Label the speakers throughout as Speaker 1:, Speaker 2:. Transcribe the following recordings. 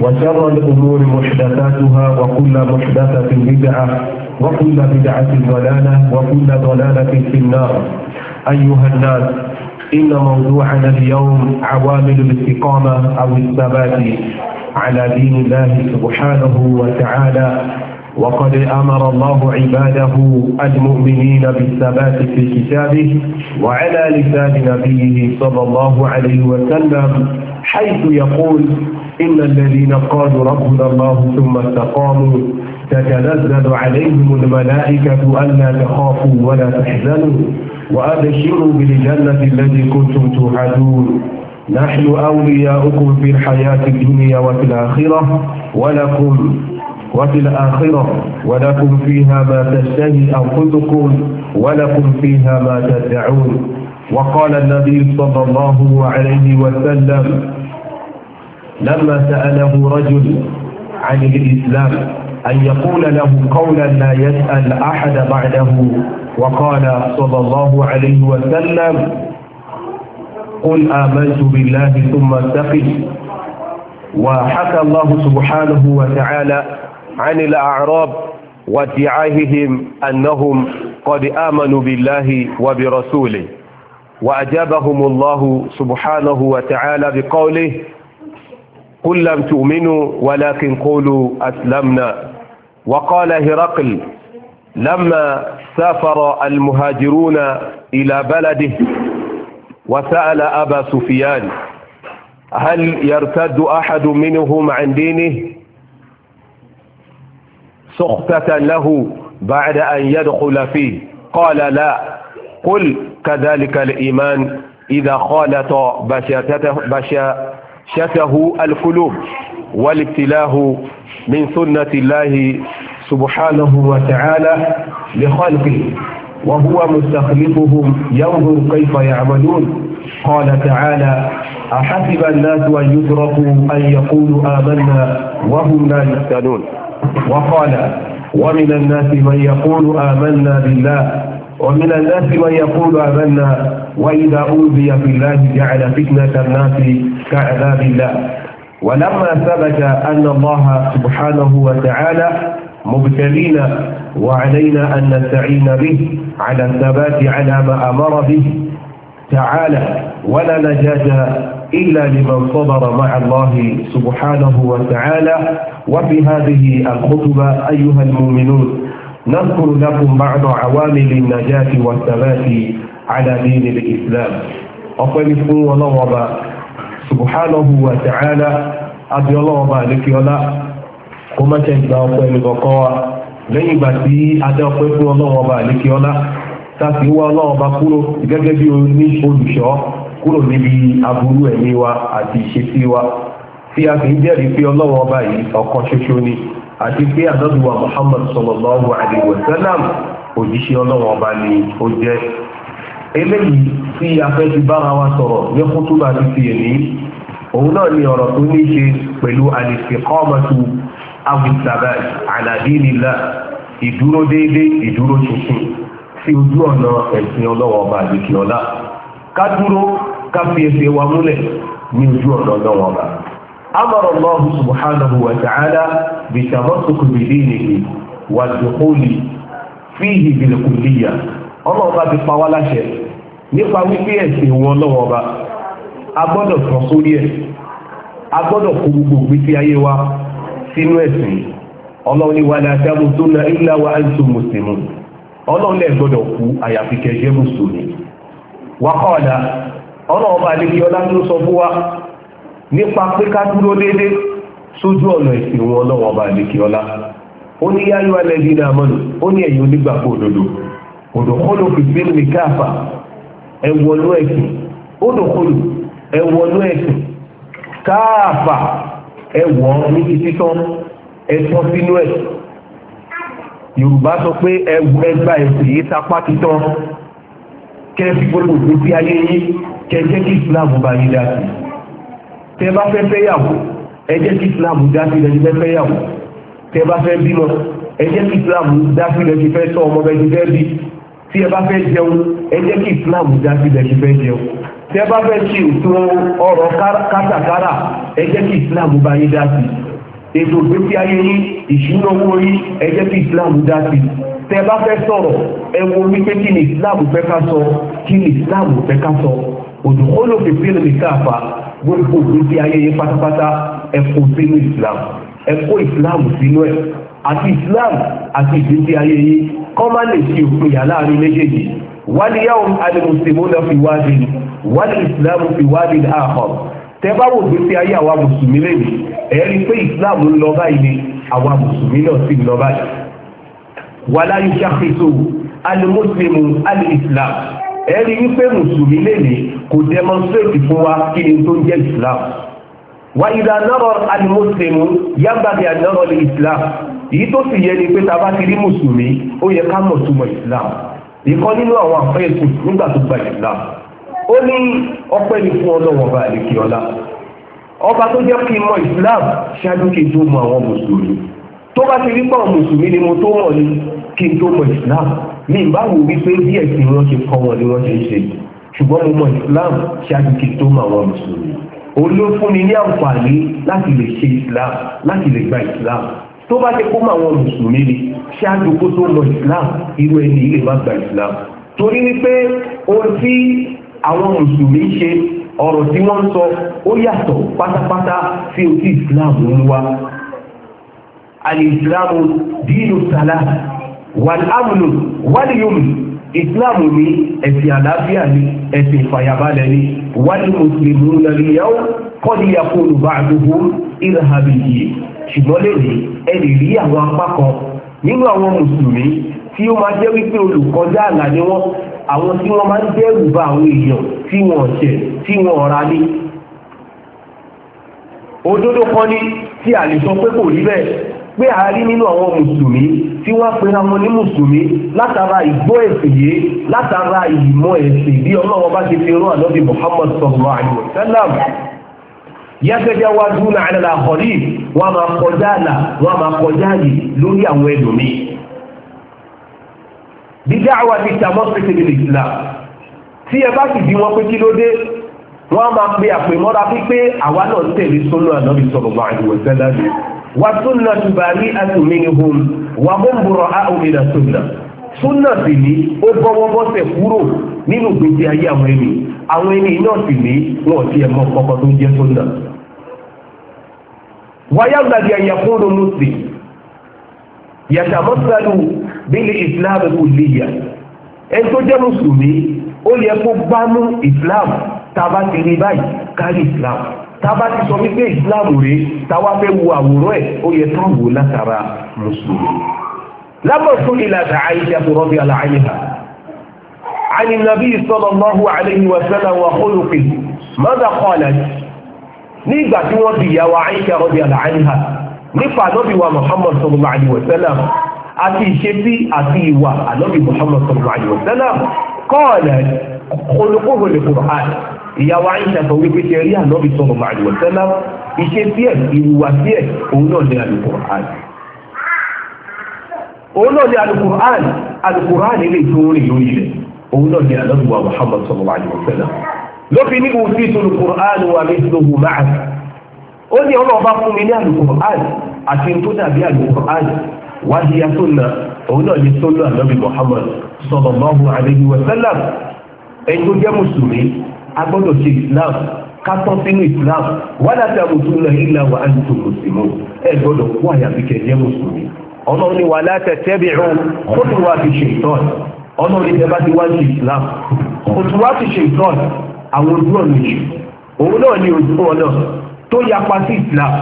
Speaker 1: وشر الأمور محدثاتها وكل محدثة بدعة وكل بدعة ضلالة وكل ضلالة في النار أيها الناس إن موضوعنا اليوم عوامل الاستقامة أو الثبات على دين الله سبحانه وتعالى وقد أمر الله عباده المؤمنين بالثبات في كتابه وعلى لسان نبيه صلى الله عليه وسلم حيث يقول إن الذين قالوا ربنا الله ثم استقاموا تتنزل عليهم الملائكة ألا تخافوا ولا تحزنوا وأبشروا بالجنة التي كنتم توعدون نحن أولياؤكم في الحياة الدنيا وفي الآخرة ولكم وفي الآخرة ولكم فيها ما تشتهي أنفسكم ولكم فيها ما تدعون وقال النبي صلى الله عليه وسلم لما سأله رجل عن الإسلام أن يقول له قولا لا يسأل أحد بعده وقال صلى الله عليه وسلم قل آمنت بالله ثم استقم وحكى الله سبحانه وتعالى عن الأعراب وادعائهم أنهم قد آمنوا بالله وبرسوله وأجابهم الله سبحانه وتعالى بقوله قل لم تؤمنوا ولكن قولوا أسلمنا وقال هرقل لما سافر المهاجرون إلى بلده وسأل أبا سفيان هل يرتد أحد منهم عن دينه سخطة له بعد أن يدخل فيه قال لا قل كذلك الإيمان إذا خالط بشاشته, بشا شته القلوب والابتلاه من سنة الله سبحانه وتعالى لخلقه وهو مستخلفهم ينظر كيف يعملون قال تعالى أحسب الناس أن يدركوا أن يقولوا آمنا وهم لا يفتنون وقال ومن الناس من يقول آمنا بالله ومن الناس من يقول آمنا وإذا أوذي في الله جعل فتنة الناس كعذاب الله ولما ثبت أن الله سبحانه وتعالى مبتلينا وعلينا أن نستعين به على الثبات على ما أمر به تعالى ولا نجاة إلا لمن صبر مع الله سبحانه وتعالى وفي هذه الخطبة أيها المؤمنون نذكر لكم بعض عوامل النجاة والثبات على دين الإسلام ọpẹ́ ní fún ọlọ́wọ́ ọba subhanahu wa ta'ala abi ọlọ́wọ́ ọba àlékiọlá kó má ṣe gba ọpẹ́ ní kọ̀ọ̀kan wa lẹ́yìn ìgbà tí adé ọpẹ́ fún ọlọ́wọ́ ọba àlékiọlá tàbí wá ọlọ́wọ́ ọba kúrò gẹ́gẹ́ bí ní olùṣọ́ kúrò níbi aburú ẹ̀mí wa àti ìṣesí wa tí a fi ń jẹ́rìí pé ọlọ́wọ́ ọba yìí ọ̀kan ṣoṣo ni àti pé àdọ́dùwà Muhammad sallallahu alaihi wa sallam òjíṣẹ́ ọlọ́wọ́ ọba ni ó jẹ́ eléyìí tí a fẹ́ ti bára wa sọ̀rọ̀ ní kútúbà ti fi èmi òun náà ni ọ̀rọ̀ tó ní ṣe pẹ̀lú al-istiqamatu awisabat ala dinillah ìdúró déédé ìdúró tuntun sí ojú ọ̀nà ẹ̀sìn ọlọ́wọ́ ọba àdìkì ọlá ká dúró ká fi ẹsẹ̀ wa múlẹ̀ ní ojú ọ̀nà ọlọ́wọ́ ọba. amara allahu subhanahu wa wa dukhuli fihi bilkulliya ọlọ́run bá ti pa wá láṣẹ nípa wípé ẹ̀sìn ọba a gbọ́dọ̀ tán sórí ẹ̀ a gbọ́dọ̀ kó gbogbo ìgbésí ayé wa sínú ẹ̀sìn ọlọ́run ní wala tamutunna illa nípa pé ká dúró déédéé sójú ọ̀nà ìsìn wọn ọlọ́wọ́n ọba àdékè ọlá ó ní yáyọ alẹ́dí náà mọ́nù ó ní ẹ̀yin onígbàgbọ́ òdodo òdòkọ́lù fìfín ní káàfà ẹ̀wọ̀nú ẹ̀sìn òdòkọ́lù ẹ̀wọ̀nú ẹ̀sìn káàfà ẹ̀wọ̀ ní títí tán ẹ̀tọ́ sínú ẹ̀ yorùbá sọ pé ẹgbà ẹ̀sìn yìí sapá títán kẹ́ẹ̀fì gbogbo ìgbésí ayé yín kẹ́ẹ̀jẹ́ kí islam bá yín dá sí i tẹ bá fẹ́ fẹ́yàwó ẹ jẹ́ kí islam dá sí lẹ́yìn fẹ́ fẹ́yàwó tẹ bá fẹ́ bímọ ẹ kí islam dá sí lẹ́yìn fẹ́ tọ́ ọmọ bẹ́ẹ̀ fẹ́ bí tí ẹ bá fẹ́ jẹun ẹ kí islam dá sí lẹ́yìn fẹ́ jẹun tẹ bá fẹ́ ṣe ètò ọ̀rọ̀ kátàkárà ẹ kí islam bá yín dá sí ètò ìgbésí ayé yín ìṣúná owó yín ẹ jẹ́ kí islam dá sí tẹ bá fẹ́ sọ̀rọ̀ ẹ wo wípé kí ni islam fẹ́ ká sọ kí ni islam fẹ́ ká sọ òdùkọ́ ló fi fílẹ̀ mi káàfà gbogbo gbèsè ayẹyẹ pátápátá ẹ kó sínú islam ẹ kó islam sínú ẹ àti islam àti ìgbésí ayẹyẹ kọ́ má lè ṣe òpin yà láàrin méjèèjì wálíyàwó alẹ́mùsùlùmí fi wáde wálé islam fi wáde àhọ́ tẹ́bá wò gbèsè ayé àwa mùsùlùmí lẹ́yìn ẹ rí pé islam ń lọ báyìí ni àwa mùsùlùmí náà sì ń lọ báyìí wàláyé ṣàkóso alẹ́mùsùlùmí alẹ́ islam ẹ̀rí wípé mùsùlùmí lèlè kò demonstrate fún wa kí ni tó ń jẹ́ islam wà ìdá nọ́rọ̀ alimọ́sẹ̀mù yábàbí ànọ́rọ̀ lè islam èyí tó sì yẹ ni pé tàbá ti rí mùsùlùmí ó yẹ ká mọ̀ túmọ̀ islam ìkan nínú àwọn àfẹ́yẹ̀kù nígbà tó gba islam ó ní ọpẹ́ ni fún ọlọ́wọ́n bá àlèkè ọlá ọba tó jẹ́ kí n mọ̀ islam ṣáájú kí n tó mọ̀ àwọn mùsùlùmí tó bá ti rí pọ̀ mùsùlùmí ni mo tó mọ̀ ni kí n tó mọ̀ islam mi bá wò wípé díẹ̀ sí wọn ṣe kọ́ wọn ni wọ́n ṣe ń ṣe ṣùgbọ́n mo mọ islam ṣáájú kí tó mọ àwọn mùsùlùmí òun ló fún mi ní àǹfààní láti lè ṣe islam láti lè gba islam tó bá ṣe kó mọ àwọn mùsùlùmí ni ṣáájú kó tó mọ islam irú ẹni ilé má gba islam torí wípé ohun tí àwọn mùsùlùmí ṣe ọ̀rọ̀ tí wọ́n ń sọ ó yàtọ̀ pátápátá sí ohun islam ń wá alìsílámù dínú sálà wàlámùnù wàlíyùmù islam ni ẹ̀sìn àlàáfíà ni ẹ̀sìn ìfàyàbalẹ̀ ni wàlí mùsùlùmí nàìjíríàwó kọ́ni yakunu ba'duhu irhabi yìí ṣùgbọ́n lèmi ẹ lè rí àwọn apá kan nínú àwọn mùsùlùmí tí ó máa jẹ́ wípé olùkọjá àlà ni wọ́n àwọn tí wọ́n máa ń dẹ́rù bá àwọn èèyàn tí wọ́n ṣẹ̀ tí wọ́n ra ní òdodo kan ní tí a lè sọ pé kò rí bẹ́ẹ̀ pé a rí nínú àwọn mùsùlùmí tí wọ́n pera wọn ní mùsùlùmí látara ìgbọ́ ẹ̀sìn yìí látara ìmọ̀ ẹ̀sìn bí ọlọ́wọ́ bá ti fi rán ànábì Muhammad sallallahu alaihi wasallam yẹ́sẹ̀jẹ́ wá dúnà àlẹ́lá àkọ́rí wọ́n máa kọjá àlà wọ́n máa kọjá àyè lórí àwọn ẹlòmíì dídá àwa ti tàmọ́ pẹ̀tẹ̀lẹ̀ Islam tí ẹ bá wọ́n máa pe àpèmọ́ra pípé àwa náà tẹ̀lé sọ́nà ànábì sallallahu alaihi wasallam wàsúnà tùbàrí àtùmínihùn wà mọ́mbùrọ̀ àòmìnà súnà súnà sì ní ó bọ́wọ́bọ́sẹ̀ kúrò nínú gbèsè ayé àwọn ẹni àwọn ẹni náà sì ní wọn ti ẹ̀mọ́ kọ́kọ́ tó jẹ́ súnà wáyà gbàgbé àyàfóònù lùsì yàtàmọ́sálù bílí ìsìláàmù kò léyà ẹni tó jẹ́ mùsùlùmí ó yẹ kó gbánú ìsìláàmù tá ti rí báyìí kárí ìsìláàmù tábà ti sọ wípé islam rèé táwa fẹ́ wo àwòrán ẹ̀ ó yẹ tán wò látara mùsùlùmí. lábọ̀sùn ìlànà àìsà tó rọ́bì aláàyèbá عن النبي صلى الله عليه وسلم وخلقه ماذا قالت nígbà tí wọ́n bi ìyàwó àìsà rọ́bì aláàyèbá nípa ànábì wa muhammad sallallahu alayhi wa sallam àti ìṣesí àti ìwà ànábì muhammad sallallahu alayhi wa sallam قالت kólókòrò lè kúrò hàn ìyàwó àyíṣà sọ wípé ṣe rí ànábì sọnù màálùwẹ̀ sẹ́lá iṣẹ́ díẹ̀ ìwà díẹ̀ òun náà ní alùpùpù hàn òun náà ní alùpùpù hàn alùpùpù hàn lè tó rìn lórí rẹ̀ òun náà ní ànábì wa Muhammad sọnù màálùwẹ̀ sẹ́lá lófin ní òun sí ìtòlùpùpù hàn wà ní ìtòlùpù máa ẹni tó jẹ́ mùsùlùmí a gbọ́dọ̀ ṣe islam kátọ́ sínú islam wala tamutunna illa wa antum muslimun ẹ gbọ́dọ̀ kú àyàfi kẹ́ jẹ́ mùsùlùmí ọlọ́run ni wala tattabi'u khutuwati shaytan ọlọ́run ni ẹ bá ti wá sí islam khutuwati shaytan àwọn ojú ọ̀nà yìí òun náà ni ojú ọ̀nà tó yapa sí islam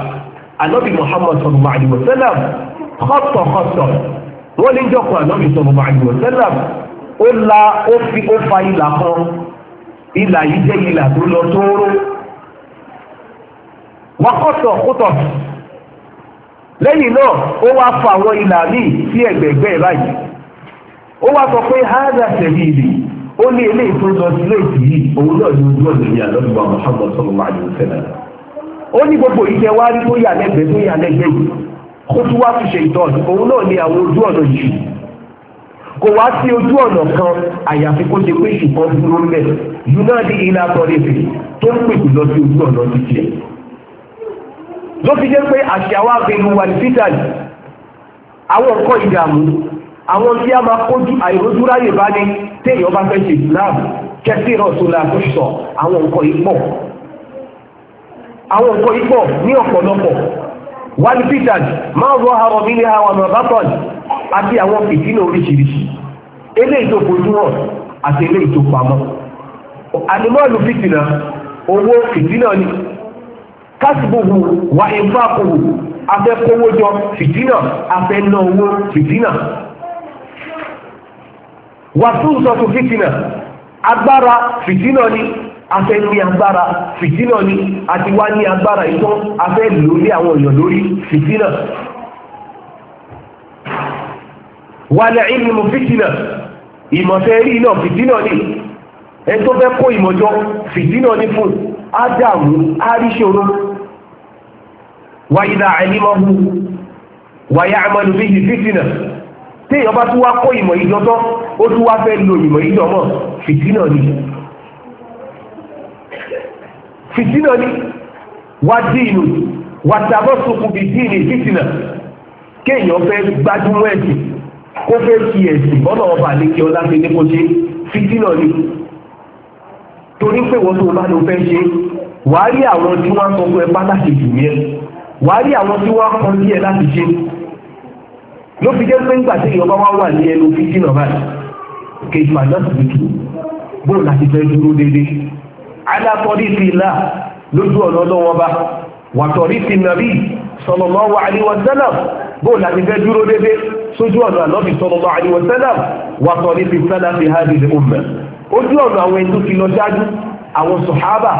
Speaker 1: anabi muhammad sallallahu alaihi wasallam kọ́tọ̀kọ́tọ̀ wọ́n ní jọ́kọ̀ anabi sallallahu alaihi wasallam ó la ó fi ó fa ìlà kan ìlà yìí jẹ́ ìlà tó lọ tóóró wakọ̀tọ̀ kótọ̀ lẹ́yìn náà ó wá fa àwọn ìlà míì sí ẹ̀gbẹ̀gbẹ́ báyìí ó wá sọ pé hádà tẹ̀lé ìlì ó ní ilé tó lọ sílé yìí òun náà ní ojú ọ̀dọ̀ ní àlọ́dúnwà Muhammad sallallahu alaihi wasallam ó ní gbogbo ìjẹ́ wá rí tó lẹ́gbẹ̀ẹ́ tó lẹ́gbẹ̀ẹ́ yìí kó tún wá fi ṣe ìtọ́jú òun náà ní àwọn ojú ọ̀dọ̀ yìí kò wá sí ojú ọ̀nà kan àyàfi kó ṣe pé ìṣùkan dúró ń bẹ̀ yúná di ilé àtọ́lẹ́fì tó ń pèsè lọ sí ojú ọ̀nà títì ẹ̀. ló fi jẹ́ pé àṣà wa fi lu wà ní títàlì àwọn nǹkan ìdààmú àwọn tí a máa kójú àìrójúráyè bá ní téèyàn bá fẹ́ ṣe ìsìláàmù kẹsí ìrọ̀sọ́lá tó sọ àwọn nǹkan yìí pọ̀ àwọn nǹkan yìí pọ̀ ní ọ̀pọ̀lọpọ̀ wà ní títàlì máa rọ àrọ̀ mi ní àwọn àmọ̀ àti àwọn fìdínà oríṣiríṣi eléyìí tó fojú hàn àti eléyìí tó pamọ́ àdìmọ́ọ̀lù fìtìnà owó fìtìnà ni kásìbòhù wà ìfàkùhù afẹ́kówójọ fìtìnà afẹ́nà owó fìtìnà wàtúùsọ̀tù fìtìnà agbára fìtìnà ni afẹ́ ní agbára fìtìnà ni àti wá ní agbára ìtàn afẹ́ lórí àwọn èèyàn lórí fìtìnà wàlẹ̀ ìlú fìtínà ìmọ̀fẹ́ rí náà fìtínà ní ẹ tó fẹ́ kó ìmọ̀jọ fìtínà ní fún ádámù àríṣòro wàyídà àìnímọ̀hù wàyà àmọ́lù bí i fìtínà tí ìyọba tó wá kó ìmọ̀ ìjọ tán ó tún wá fẹ́ lo ìmọ̀ ìjọ mọ̀ fìtínà ní fìtínà ní wá dínú wàtàbọ̀sùkù bí dínú fìtínà kéèyàn fẹ́ gbájúmọ́ ẹ̀sìn kó fẹ́ kí ẹ̀sìn bọ́nà ọba àlékí ọlá fi ní kó ṣe fìtínà ni torí pé wọ́n tó bá ló fẹ́ ṣe wàá rí àwọn tí wọ́n sọ fún ẹ pátàkì jù yẹn wàá rí àwọn tí wọ́n kọ́ sí ẹ láti ṣe ló fi jẹ́ pé nígbà tí ìyọba wá wà ní ẹnu fìtínà báyìí kejì máa náà sì tù bó láti fẹ́ dúró déédéé alákọ̀ọ́dí ti là lójú ọ̀nà ọlọ́wọ́ bá wàtọ̀rí ti nàbí sallallahu alaihi wasallam bó láti fẹ́ dúró déédéé sójú ọ̀nà ànábì sallallahu alaihi wasallam wà sọ ní ti sẹ́lá fi hadhihi ummah ojú ọ̀nà àwọn ẹni tó ti lọ ṣáájú àwọn sọ̀hábà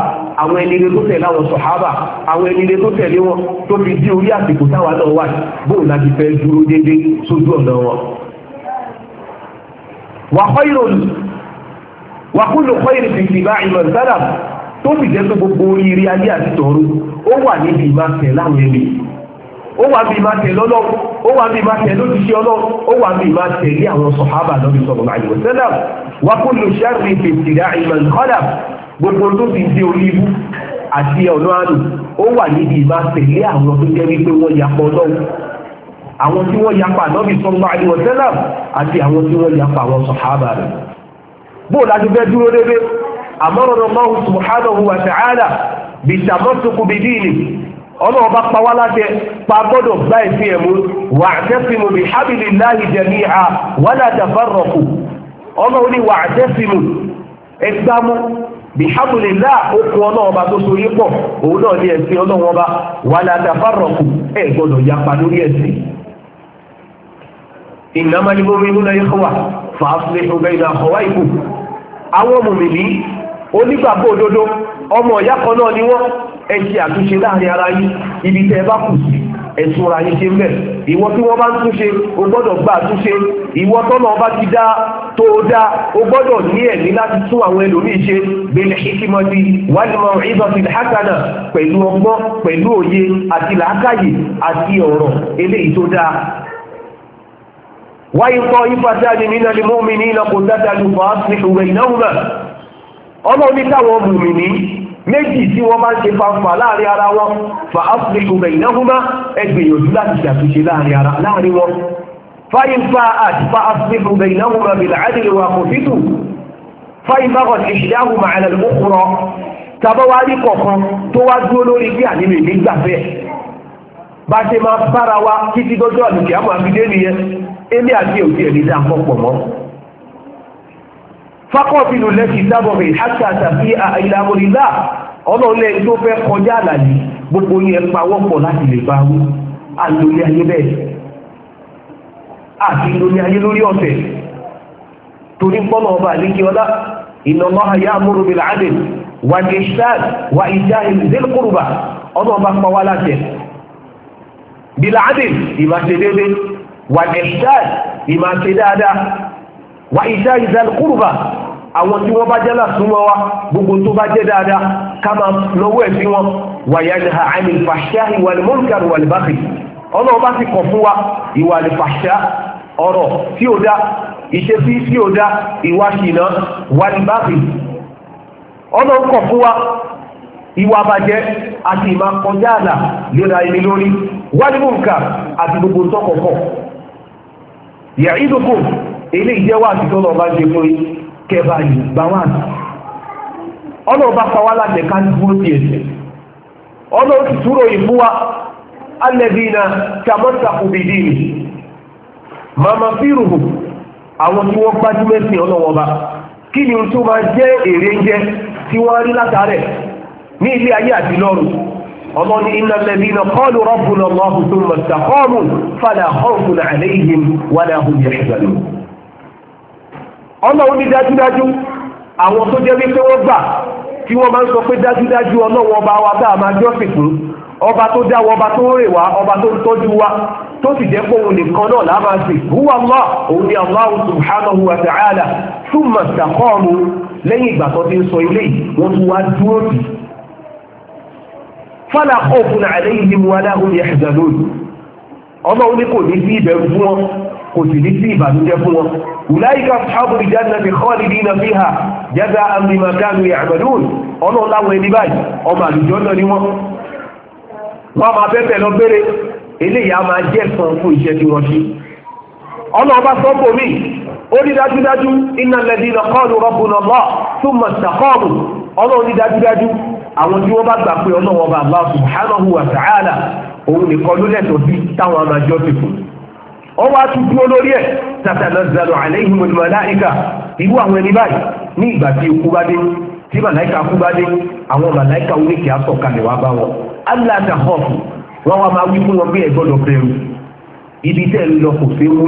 Speaker 1: àwọn ẹni rẹ̀ tó tẹ̀lé àwọn sọ̀hábà àwọn ẹni rẹ̀ tó tẹ̀lé wọn tó fi dí orí àsìkò táwa náà wà bóun láti fẹ́ dúró déédéé sójú ọ̀nà wọn. wa khayrun wa kullu khayrin fi ittiba'i tó fi jẹ́ tó gbogbo oríire ayé àti tọ̀rọ̀ ó wà níbi ìbáfẹ́ láwọn ẹni ó wà bí máa tẹ̀lé ọlọ́run ó wà bí máa tẹ̀lé òṣìṣẹ́ ọlọ́run ó wà bí máa tẹ̀lé àwọn sọ̀hábà lọ́bí sọ̀rọ̀ láyé wọ̀sẹ́lá wà kó lè ṣáàrì ìfèsìlá ìmọ̀ nkọ́dà gbogbo tó ti dé orí àti ọ̀nà àdùn ó wà níbi ìmá tẹ̀lé àwọn tó jẹ́ wípé wọ́n yapa ọlọ́run àwọn tí wọ́n yapa lọ́bí sọ̀rọ̀ láyé wọ̀sẹ́lá àti àwọn tí wọ́n yapa àwọn sọ̀hábà ọlọ́run bá pa wá láṣẹ pa gbọ́dọ̀ gbá ẹ̀sìn ẹ̀mú wà àtẹ́sìmù bí hábìlì láì jẹ̀mí à wàlá tafarraqu ọlọ́run ní wà àtẹ́sìmù ẹgbámú bí hábìlì láà okùn ọlọ́run bá tó sorí pọ̀ òun náà ní ẹ̀sìn ọlọ́run ọba wàlá tafarraqu ẹ̀ gbọ́dọ̀ yapa lórí ẹ̀sìn innamal mu'minuna ikhwa fa aslihu bayna akhawaykum àwọn mùmìnì onígbàgbọ́ òdodo ọmọ ìyá kan náà ni wọ́n ẹ ṣe àtúnṣe láàrin ara yín ibi tẹ́ ẹ bá kù sí ẹ̀sùn ra yín ṣe mẹ́ ìwọ tí wọ́n bá ń túnṣe o gbọ́dọ̀ gba àtúnṣe ìwọ tọ́nà ọba ti dá tó dá o gbọ́dọ̀ ní ẹ̀mí láti tún àwọn ẹlòmíì ṣe bẹ́ẹ̀ ṣíkímọ́tì wàlúmọ̀ ìdọ̀tì hákànà pẹ̀lú ọgbọ́n pẹ̀lú òye àti làákàyè àti ọ̀rọ̀ eléyìí tó wáyé kọ́ nínú ní ìlọ́kùn dáadáa méjì tí wọ́n bá ṣe fanfà láàrin ara wọn fa áfíríkù rẹ̀ ìnáhúnmá ẹgbìyànjú láti ṣàtúnṣe láàrin wọn fáyín fa àti fa áfíríkù rẹ̀ ìnáhúnmá bìlà àdìlẹ̀wà kò fítù fáyín bá kọ̀ ìṣìdáhùn màálà lókùrọ̀ tàbọ́wá rí kọ̀ọ̀kan tó wá dúró lórí bí ànílè nígbàfẹ́ bá ṣe máa bára wa títí dọ́jọ́ àlùkìá máa fi dé nìyẹn èmi àti òbí ẹ̀ fákọ̀bìnú lẹ́sí sábọ̀rẹ̀ àṣà àtàbí ìlàmọ̀lélà ọlọ́lẹ̀ tó fẹ́ kọjá àlàyé gbogbo yẹn pawọ́pọ̀ láti lè bá wú àlórí ayé bẹ́ẹ̀ àti lórí ayé lórí ọ̀sẹ̀ torí pọ́nà ọba àlékiọlá ìnáwó ayé amúrúbìlà àdè wà ìdá ìdàl kúrùbà àwọn tí wọ́n bá jẹ́ lásùnmọ́ wa gbogbo tó bá jẹ́ dáadáa ká máa lọ́wọ́ ẹ̀ sí wọn wà yá ní àmì fàṣáhì wà ní mọ́lùkàrù wà ní bákì ọlọ́run bá ti kọ̀ fún wa ìwà ní fàṣá ọ̀rọ̀ tí ó dá ìṣesí tí ó dá ìwà ṣìnà wà ní bákì kọ̀ fún wa ìwà àbàjẹ́ àti ìmá kọjá àlà lóra ẹni lórí wà àti gbogbo tó yà ìdókòó ilé ìjẹ́wà àti tó lọ́ọ̀bá ṣe fún kẹba yìí gbà wà sí ọlọ́ọ̀bá pàwà láti ká dúró sí ẹ̀sẹ̀ ọlọ́ọ̀tí túrò ìfúwa alẹ́bìnà kàmọ́sàkùbìdì mama fíruhù àwọn tí wọ́n gbájúmẹ́ sí ọlọ́wọ́ba kí ni tó máa jẹ́ èrè ń jẹ́ tí wọ́n rí látàrẹ̀ ní ilé ayé àti lọ́rùn ọmọ ní iná lẹ́bí iná kọ́ọ̀lù rọ́bùnà lọ́hùn tó mọ̀ sàkọ́ọ̀mù fàlà àlẹ́ ìhìn wàlà ọ̀hún yẹ̀ ọlọ́run ní dájúdájú àwọn tó jẹ́ wípé wọ́n gbà tí wọ́n máa ń sọ pé dájúdájú ọlọ́run ọba wa tá a máa jọ́sìn fún ọba tó dá wa ọba tó rè wá ọba tó ń tọ́jú wa tó sì jẹ́ pé òun nìkan náà lá máa sìn huwa Allah òun ni Allah subhanahu wa ta'ala thumma istaqamu lẹ́yìn ìgbà tó ti ń sọ ilé yìí tún wá dúró sí fala khawfun alayhim wala hum yahzanun ọlọ́run ní kò ní sí ìbẹ̀rù fún wọn kò sì ní sí ìbànújẹ́ fún wọn ùláìka sábò ìjáde fi khalidina fiha jaza amri makanu ya'malun ọ̀nà láwọn ẹni báyìí ọmọ àlùjọ náà ni wọ́n wọ́n máa fẹ́fẹ́ lọ bẹ́rẹ̀ eléyà máa jẹ́ san fún iṣẹ́ tí wọ́n ṣe ọ̀nà ọba sọ́pọ̀ mi ó ní dájúdájú innal ladina qalu rabbuna Allah thumma istaqamu ọ̀nà ní dájúdájú àwọn tí wọ́n bá ọ wá tún dúró lórí ẹ̀ tatanazzalu alaihimul malaika irú àwọn ẹni báyìí ní ìgbà tí ikú bá dé tí màláìka kú bá dé àwọn màláìka oníkì á wá bá wọn Allah takhafu wọn wá máa wí wọn bí ẹ ibi tẹ́ lọ kò sí mú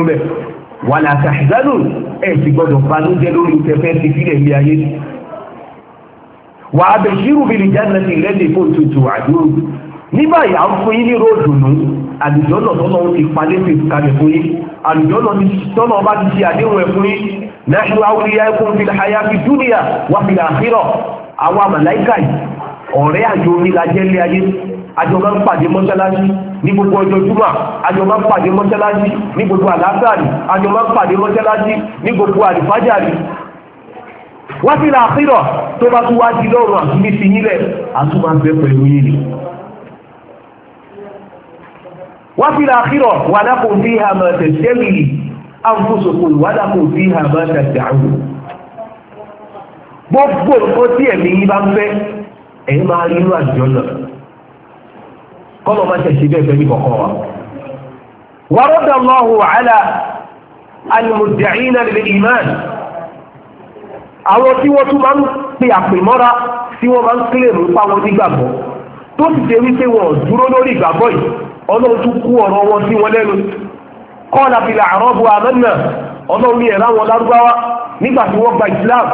Speaker 1: wala tahzanu ẹ sì gbọ́dọ̀ banújẹ́ lórí tẹfẹ́ ti sílẹ̀ ayé ṣírù àlùjọ́nà tọ́nà ti palẹ́ fi kalẹ̀ fún yí àlùjọ́nà tọ́nà bá ti ṣe àdéhùn ẹ̀ fún yí nahnu awliyaakum fil hayati dunya wa fil akhirah àwọn àmàláìkà yìí ọ̀rẹ́ àjò onílàjẹ́ lé ayé àjọ máa ń pàdé mọ́ṣáláṣí ní gbogbo ọjọ́ júmọ̀ àjọ máa ń pàdé mọ́ṣáláṣí ní gbogbo àlásàrì àjọ máa ń pàdé mọ́ṣáláṣí ní gbogbo àlìfájàrì wá sí làákìrọ̀ tó bá tún wá di lọ́rùn àtúndí sí yílẹ̀ àtúndí máa pẹ̀lú yìí wá sí àkírọ̀ wà dákò sí àmà tẹ̀sẹ̀lì àfúsòkò wà dákò sí àmà tẹ̀sẹ̀lì gbogbo nǹkan tí ẹ̀mí yín bá ń fẹ́ ẹ̀yin máa rí inú àjọ náà kọ́lọ̀ máa tẹ̀sí bẹ́ẹ̀ fẹ́mi kọ̀ọ̀kan wa. wàrọ́dà Allahu ala al-mudda'iina lil-iman àwọn tí wọ́n tún máa ń pe àpèmọ́ra tí wọ́n máa ń kílèmù pa wọn nígbàgbọ́ tó sì ṣe wípé wọn ò dúró lórí ìgbàgbọ́ yìí ọlọ́run tún kú ọ̀rọ̀ wọn sí wọn lẹ́nu kọ́ọ̀lá fi làárọ̀ bu àmọ́nà ọlọ́run ní ẹ̀rá wọn wọ́n gba islam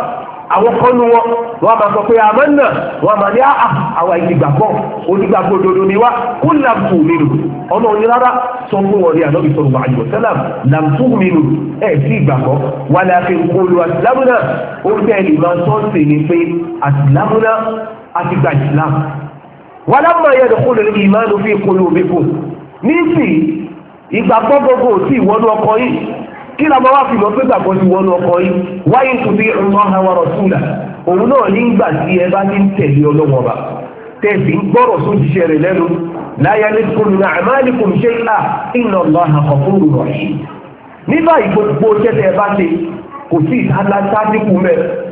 Speaker 1: àwọn kọ́nu wọn wọ́n máa sọ pé àmọ́nà wọ́n máa ní àà ah, ah, àwọn ìdìgbàgbọ́ onígbàgbọ́ òdodo ni wá kó làǹtù mìíràn ọlọ́run ní rárá sọ fún wọn ní ànábì sọ̀rọ̀ àyọ̀ sẹ́làm làǹtù mìíràn ẹ̀ sí ìgbàgbọ́ wà láàfin kọlu wàlámà yadkhulu ìmánu fi qulubikum níìsì ìgbàgbọ́ gbogbo òtí ìwọ́nú ọkọ̀ yìí kí la máa wá fi mọ̀ pé gbàgbọ́ ti wọ́nú ọkọ̀ yìí wáyé tó fi Allah wa rasulahu òun náà nígbà tí ẹ bá ní tẹ̀lé ọlọ́wọ́ bá tẹ̀sí ń gbọ́rọ̀ sójíṣẹ́ rẹ̀ lẹ́nu la yalidkum min a'malikum shay'an inna Allaha ghafurun rahim nígbà ìgbòkúgbò tẹ́tẹ́ bá ṣe kò sí ìtàlá sáà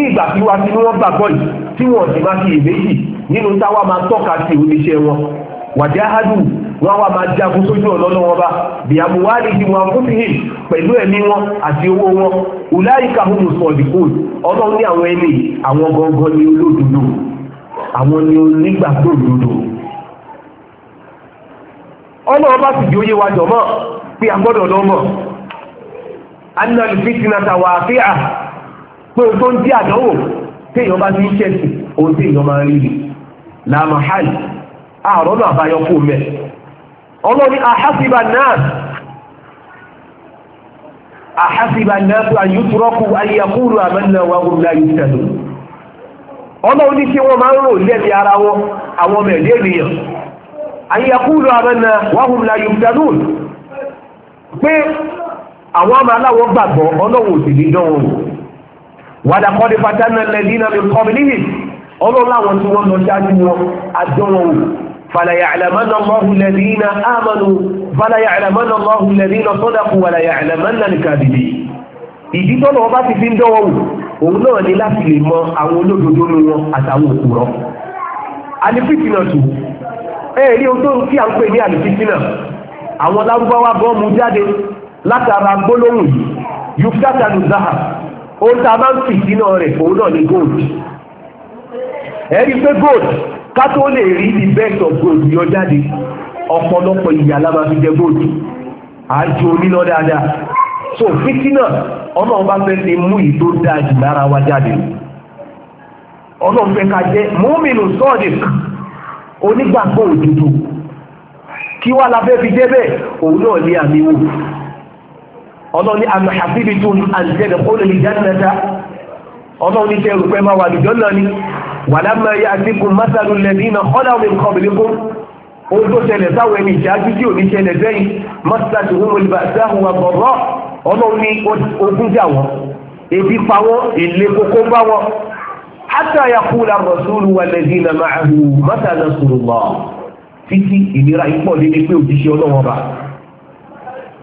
Speaker 1: ní ìgbà tí wá sí wọ́n gbàgbọ́ yìí tí wọ́n sì máa fi èméjì nínú táwa máa tọ́ka sí oníṣẹ́ wọn wàjáhádù wọ́n wá máa jagun sójú ọ̀nà lọ́wọ́ bá bí àmúwálì ti wọn fún fihìn pẹ̀lú ẹ̀mí wọn àti owó wọn ùláìka hùn sọ̀dìkò ọlọ́run ní àwọn ẹni àwọn ni onígbàgbọ́ òdodo a pé ndị tó ń dí àdánwò téèyàn bá ti ohun téèyàn máa ń rí rí làmà hàn àárọ̀ náà àbáyọ kó mẹ́ ọlọ́ni àhásíbà náà àhásíbà náà tó àyùtúrọ́kù ayakúrú àmẹ́nà wa òun láyé ìtẹ̀lú ọlọ́run ní wọ́n máa ń rò lẹ́bi ara wọn àwọn ọmọ ẹ̀dẹ́ ènìyàn ìtẹ̀lú pé àwọn ọmọ aláwọ̀ gbàgbọ́ wàdàkọ́dé fatana lẹ́dínà mi kọ́bílì ọlọ́run àwọn tí wọ́n lọ ṣáájú wọn àjọwọ̀n falaya àlàmánà lọ́hùn lẹ́dínà àmàlù falaya àlàmánà lọ́hùn lẹ́dínà sọ́dàkù wàlàyà àlàmánà nìkàdìdì ìdí tọ́lọ̀ ọba ti fi ń dọ́wọ́ òun náà ni láti lè mọ àwọn olódodo ní wọn àtàwọn òkúrọ́ alifítìnà tù ẹ̀ẹ́rí ohun tó ń kí à ń pè ní alifítìnà àwọn lárúbáwá bọ́ọ̀mù jáde látara gbólóhùn yìí yóò fi ó ń ta máa ń fi sínú rẹ̀ òun náà ni gold ẹ̀rí pé gold ká tó lè rí the best of gold yọ jáde ọ̀pọ̀lọpọ̀ ìyà la máa fi jẹ gold àjò onílọ dáadáa so fìtínà ọ̀nà ọba fẹ́ lè mú ì tó dáa jù lára wa jáde ọ̀nà fẹ́ ká jẹ́ mọ́mìnù sọ́ọ̀dì onígbàgbọ́ òdodo kí wá la fẹ́ fi débẹ̀ òun náà ní àmì wò ọlọ́ni àmàhàbíbi tún àjẹ́dẹ̀ kó lè jẹ́nẹ́ta ọlọ́ni tẹ́ rùpẹ́ máa wà lùjọ́ náà ni wà lámà yá àdínkùn mátàlú lẹ́ni iná kọ́lá omi nǹkan obìnrin kún ohun tó ṣẹlẹ̀ sáwọn ẹni ìṣáájú tí ò ní ṣẹlẹ̀ sẹ́yìn mọ́tàtù hùwù ìbàdàn wà bọ̀rọ̀ ọlọ́ni ogun jà wọ́n ebi pa wọ́n èlé kókó bá wọ́n hátà yakúlà rọ̀súlù wà lẹ́ni iná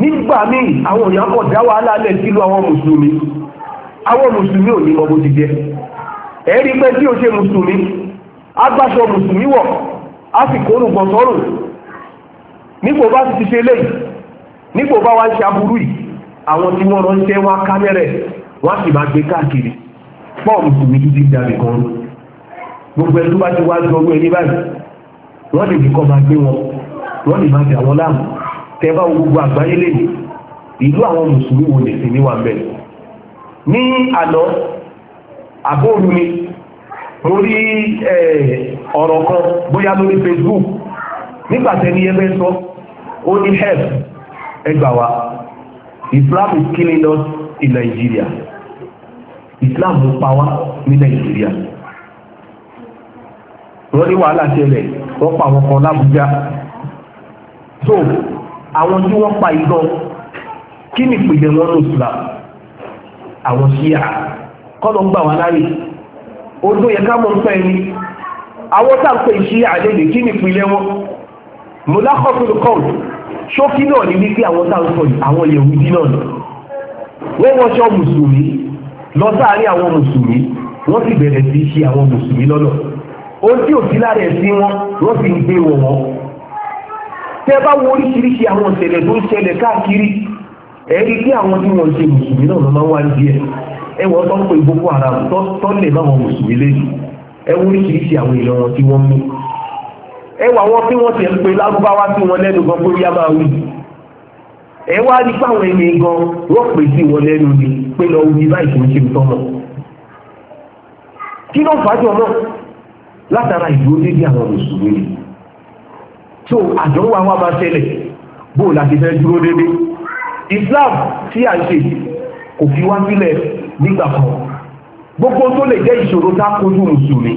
Speaker 1: nígbà míì àwọn èèyàn kọ̀ dá wàhálà lẹ̀ sílù àwọn mùsùlùmí àwọn mùsùlùmí ò ní mọ bó ti jẹ ẹ̀rí pé tí o ṣe mùsùlùmí agbáṣọ mùsùlùmí wọ̀ á sì kó orúkọ sọ́rùn nípò bá ti ti ṣe léyìí nípò bá wá ń ṣe aburú yìí àwọn tí wọ́n ránṣẹ́ wá kámẹ́rẹ̀ wọ́n sì máa gbé káàkiri pọ́ọ̀ mùsùlùmí tó ti dàbí kan rú gbogbo ẹ̀ tó bá ti wá ju ọgbẹ́ ní báyìí wọ́n lè fi kọ́ máa gbé wọn wọ́n lè máa dà wọn láàmú tẹ́bá gbogbo àgbáyé lè ní ìlú àwọn mùsùlùmí wo lè sí níwà mẹ́ ní àná àbóòrù ni mo rí ọ̀rọ̀ kan bóyá lórí Facebook nígbàtẹ́ ní ẹgbẹ́ sọ ó ní help ẹgbà wa Islam is killing us in Nigeria Islam ló pa wá ní Nigeria wọ́n ní wàhálà ṣẹlẹ̀ wọ́n pa àwọn kan lábújá so àwọn tí wọ́n pa ìdán kí ni pèdè wọn ní Islam àwọn ṣíà kọ́lọ̀ ń gbà wá láyè ó tó yẹ ká mọ̀ ń pẹ́ ni àwọn tá à ń pè ṣíà lédè kí ni pèdè wọn mọ̀lákọ́tún kọ́ọ̀t ṣókí náà ní wípé àwọn tá à ń sọ yìí àwọn yẹ̀wùdí náà ni wọ́n wọṣọ mùsùlùmí lọ sáàárín àwọn mùsùlùmí wọ́n sì bẹ̀rẹ̀ sí í ṣe àwọn mùsùlùmí lọ́nà ohun tí ò sí lára ẹ̀sìn wọn wọ́n sì ń gbé wọn wọn tẹ́ bá wo oríṣiríṣi àwọn ìṣẹ̀lẹ̀ tó ń ṣẹlẹ̀ káàkiri ẹ̀rí kí àwọn tí wọ́n ṣe mùsùlùmí náà ló máa wá díẹ̀ ẹwọ́n tó ń pè Boko Haram tọ́lẹ̀ láwọn mùsùlùmí lẹ́yìn ẹwọ́n oríṣiríṣi àwọn èèyàn wọn tí wọ́n mú ẹwà wọn tí wọ́n ti ń pe lárúbáwá tí wọ́n lẹ́nu gan pé yá máa wí ẹ wá rí fáwọn ẹni gan wọ́n pè sí wọn lẹ́nu ni pé lọ wí báyìí kò ń ṣe tọ́mọ̀ kí ló fàájọ náà látara ìdúró dédé àwọn mùsùlùmí tó àdánwò àwọn àbá ṣẹlẹ̀ bó láti fẹ́ dúró dédé Islam tí a ṣe kò fi wá sílẹ̀ nígbà kan gbogbo tó lè jẹ́ ìṣòro tá kojú mùsùlùmí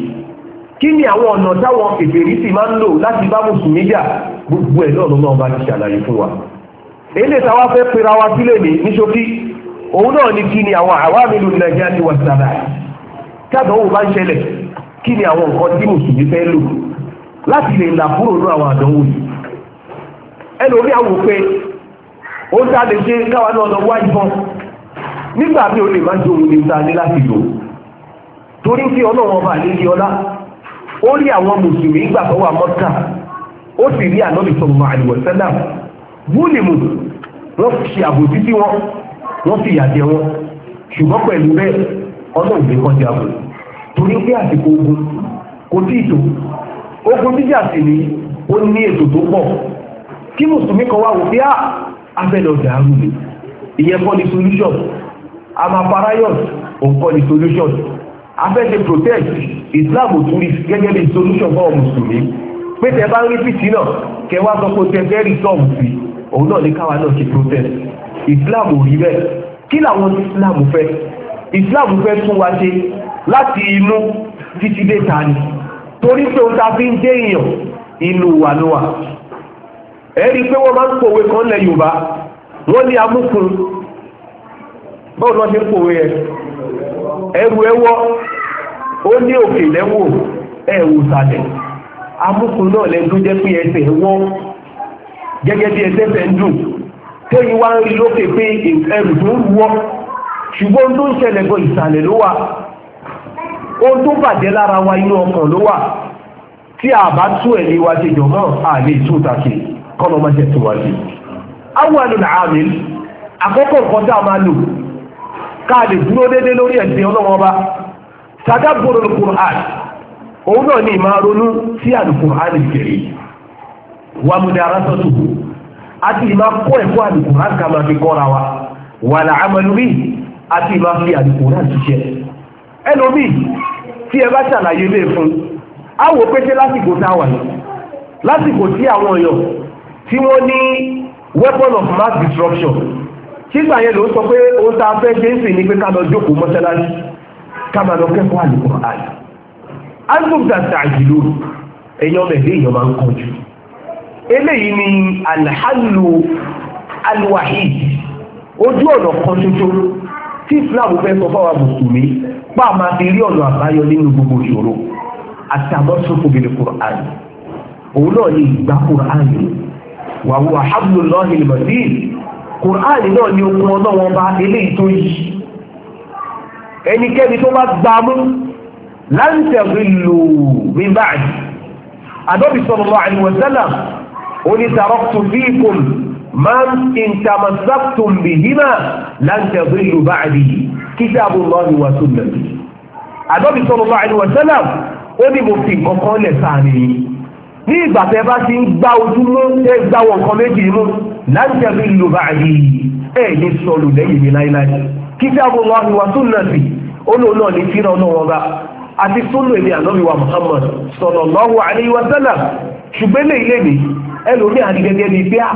Speaker 1: kí ni àwọn ọ̀nà táwọn kèfèrí sì máa ń lò láti bá mùsùlùmí jà gbogbo ẹ̀ náà lọ́nà ọba ti ṣàlàyé fún wa èlé táwa fẹ́ pera wa sílẹ̀ ní ní ṣókí òun náà ni kí ni àwọn àwámìlú nàìjíríà ti wà sàlàyé tábà òun bá ń ṣẹlẹ̀ kí ni àwọn nǹkan tí mùsùlùmí fẹ́ lò láti lè là ní àwọn àdánwò yìí ẹlòmí àwọn pé ó ń dáadé ṣe káwa náà lọ wá ìbọn nígbà bí o lè má jóun ní ta láti lò torí kí ó rí àwọn mùsùlùmí gbà tó wà mọ́ta ó sì rí ànábì sọ̀rọ̀ sẹ́dà wọ́n sí wọn wọ́n fi ìyà jẹ pẹ̀lú bẹ́ẹ̀ ọlọ́run lè kọjá torí ogun jíjà sì ni ó ní ètò tó pọ̀ kí mùsùlùmí kan wá wò pé abẹ́lẹ̀ ah, ọ̀dà àrùn ni ìyẹn kọ́ ni solution amaparayot òun kọ́ ni solution afẹ́ṣe protest Islam tún rí gẹ́gẹ́ bí solution fọ́ mùsùlùmí pé tẹ bá rí fìtì náà kẹ wá sọ pé tẹ fẹ́ rí sọ́ọ̀mù sí òun náà ní káwa náà ṣe protest Islam ò rí bẹ́ẹ̀ kí làwọn Islam fẹ́ Islam fẹ́ tún wa ṣe láti inú títí dé ta ni torí pé òun ta fi ń dé èèyàn inú wà ló wà ẹ̀rí pé wọ́n máa ń pòwe kan lẹ Yorùbá wọ́n ní amúkun báwo lọ́ọ́ ṣe ń pòwe ẹ̀ ẹrù ẹwọ́ ó ní òkè lẹ́wò ẹ̀wù sàlẹ̀ amúkun náà lẹ́dún jẹ́ pé ẹsẹ̀ wọ́n gẹ́gẹ́ bí ẹsẹ̀ fẹ́ ń dùn tẹ́yìn wá ń rí lókè pé ẹrù tó ń wọ́ ṣùgbọ́n tó ń ṣẹlẹ̀ gan ìsàlẹ̀ ló wà ohun tó bàjẹ́ lára wa inú ọkàn ló wà tí a bá tú ẹ̀mí wa ṣe jọ náà a lè tú tàkì kọ́nà má jẹ́ tiwájú. àwọn àlùlà àmì àkọ́kọ́ a máa lò ká lè dúró dédé lórí ẹ̀sìn bá òun náà ni ìmáa ronú sí wa àti ìmá kọ́ ẹ̀kọ́ ká máa fi kọ́ra wa àti ìmá fi ṣiṣẹ́ ẹlòmíì tí ẹ bá ṣàlàyé lè fún a wò pé ṣé lásìkò tá a wà ní lásìkò tí àwọn èèyàn tí wọ́n ní weapon of mass destruction sígbà yẹn ló sọ pé ohun tá a fẹ́ ṣe ń sìn ní pé ká lọ jókòó mọ́ṣáláṣí ká máa lọ kẹ́kọ̀ọ́ àlùkò àlù alùpùpù àti àjìlò èèyàn mẹ́lẹ́ èèyàn máa ń kọjú eléyìí ni alhálù alwahid ojú ọ̀nà kan tuntun tí Islam fẹ́ sọ fáwọn mùsùlùmí pa máa fi rí ọ̀nà àbáyọ nínú gbogbo ìṣòro àtàmọ́sọ́kù bìrì Qur'an òun náà ni ìgbà Qur'an wà wọ àhábùlù lọ́hìn lùmọ̀dí Qur'an náà ni okun ọlọ́wọ́n bá eléyìí tó yí ẹnikẹ́ni tó bá gbámú láǹtẹ̀ rílù mi báyìí adọ́bìsọ̀rọ̀ àìwọ̀sẹ́là onítàrọ́kùtù fíìkùn man intamasaktum bihima lantadillu ba'di kitabullahi wa sunnah àdọ́bí sallallahu alaihi wa sallam ó ní mo fi nǹkan kan lẹ̀ sáàrin yìí ní ìgbà tẹ́ bá ti ń gbá ojú mú ẹ gbá wọn nǹkan méjì mú lantadillu ba'di ẹ ní sọlù lẹ́yìn mi láíláí kitabullahi wa sunnah sí olóòlò ní kíra ọlọ́wọ́n bá àti sólò èmi àdọ́bí wa Muhammad sallallahu alaihi wa sallam ṣùgbẹ́lẹ̀ ilé mi ẹlòmí àti gẹ́gẹ́ bíi pé ah,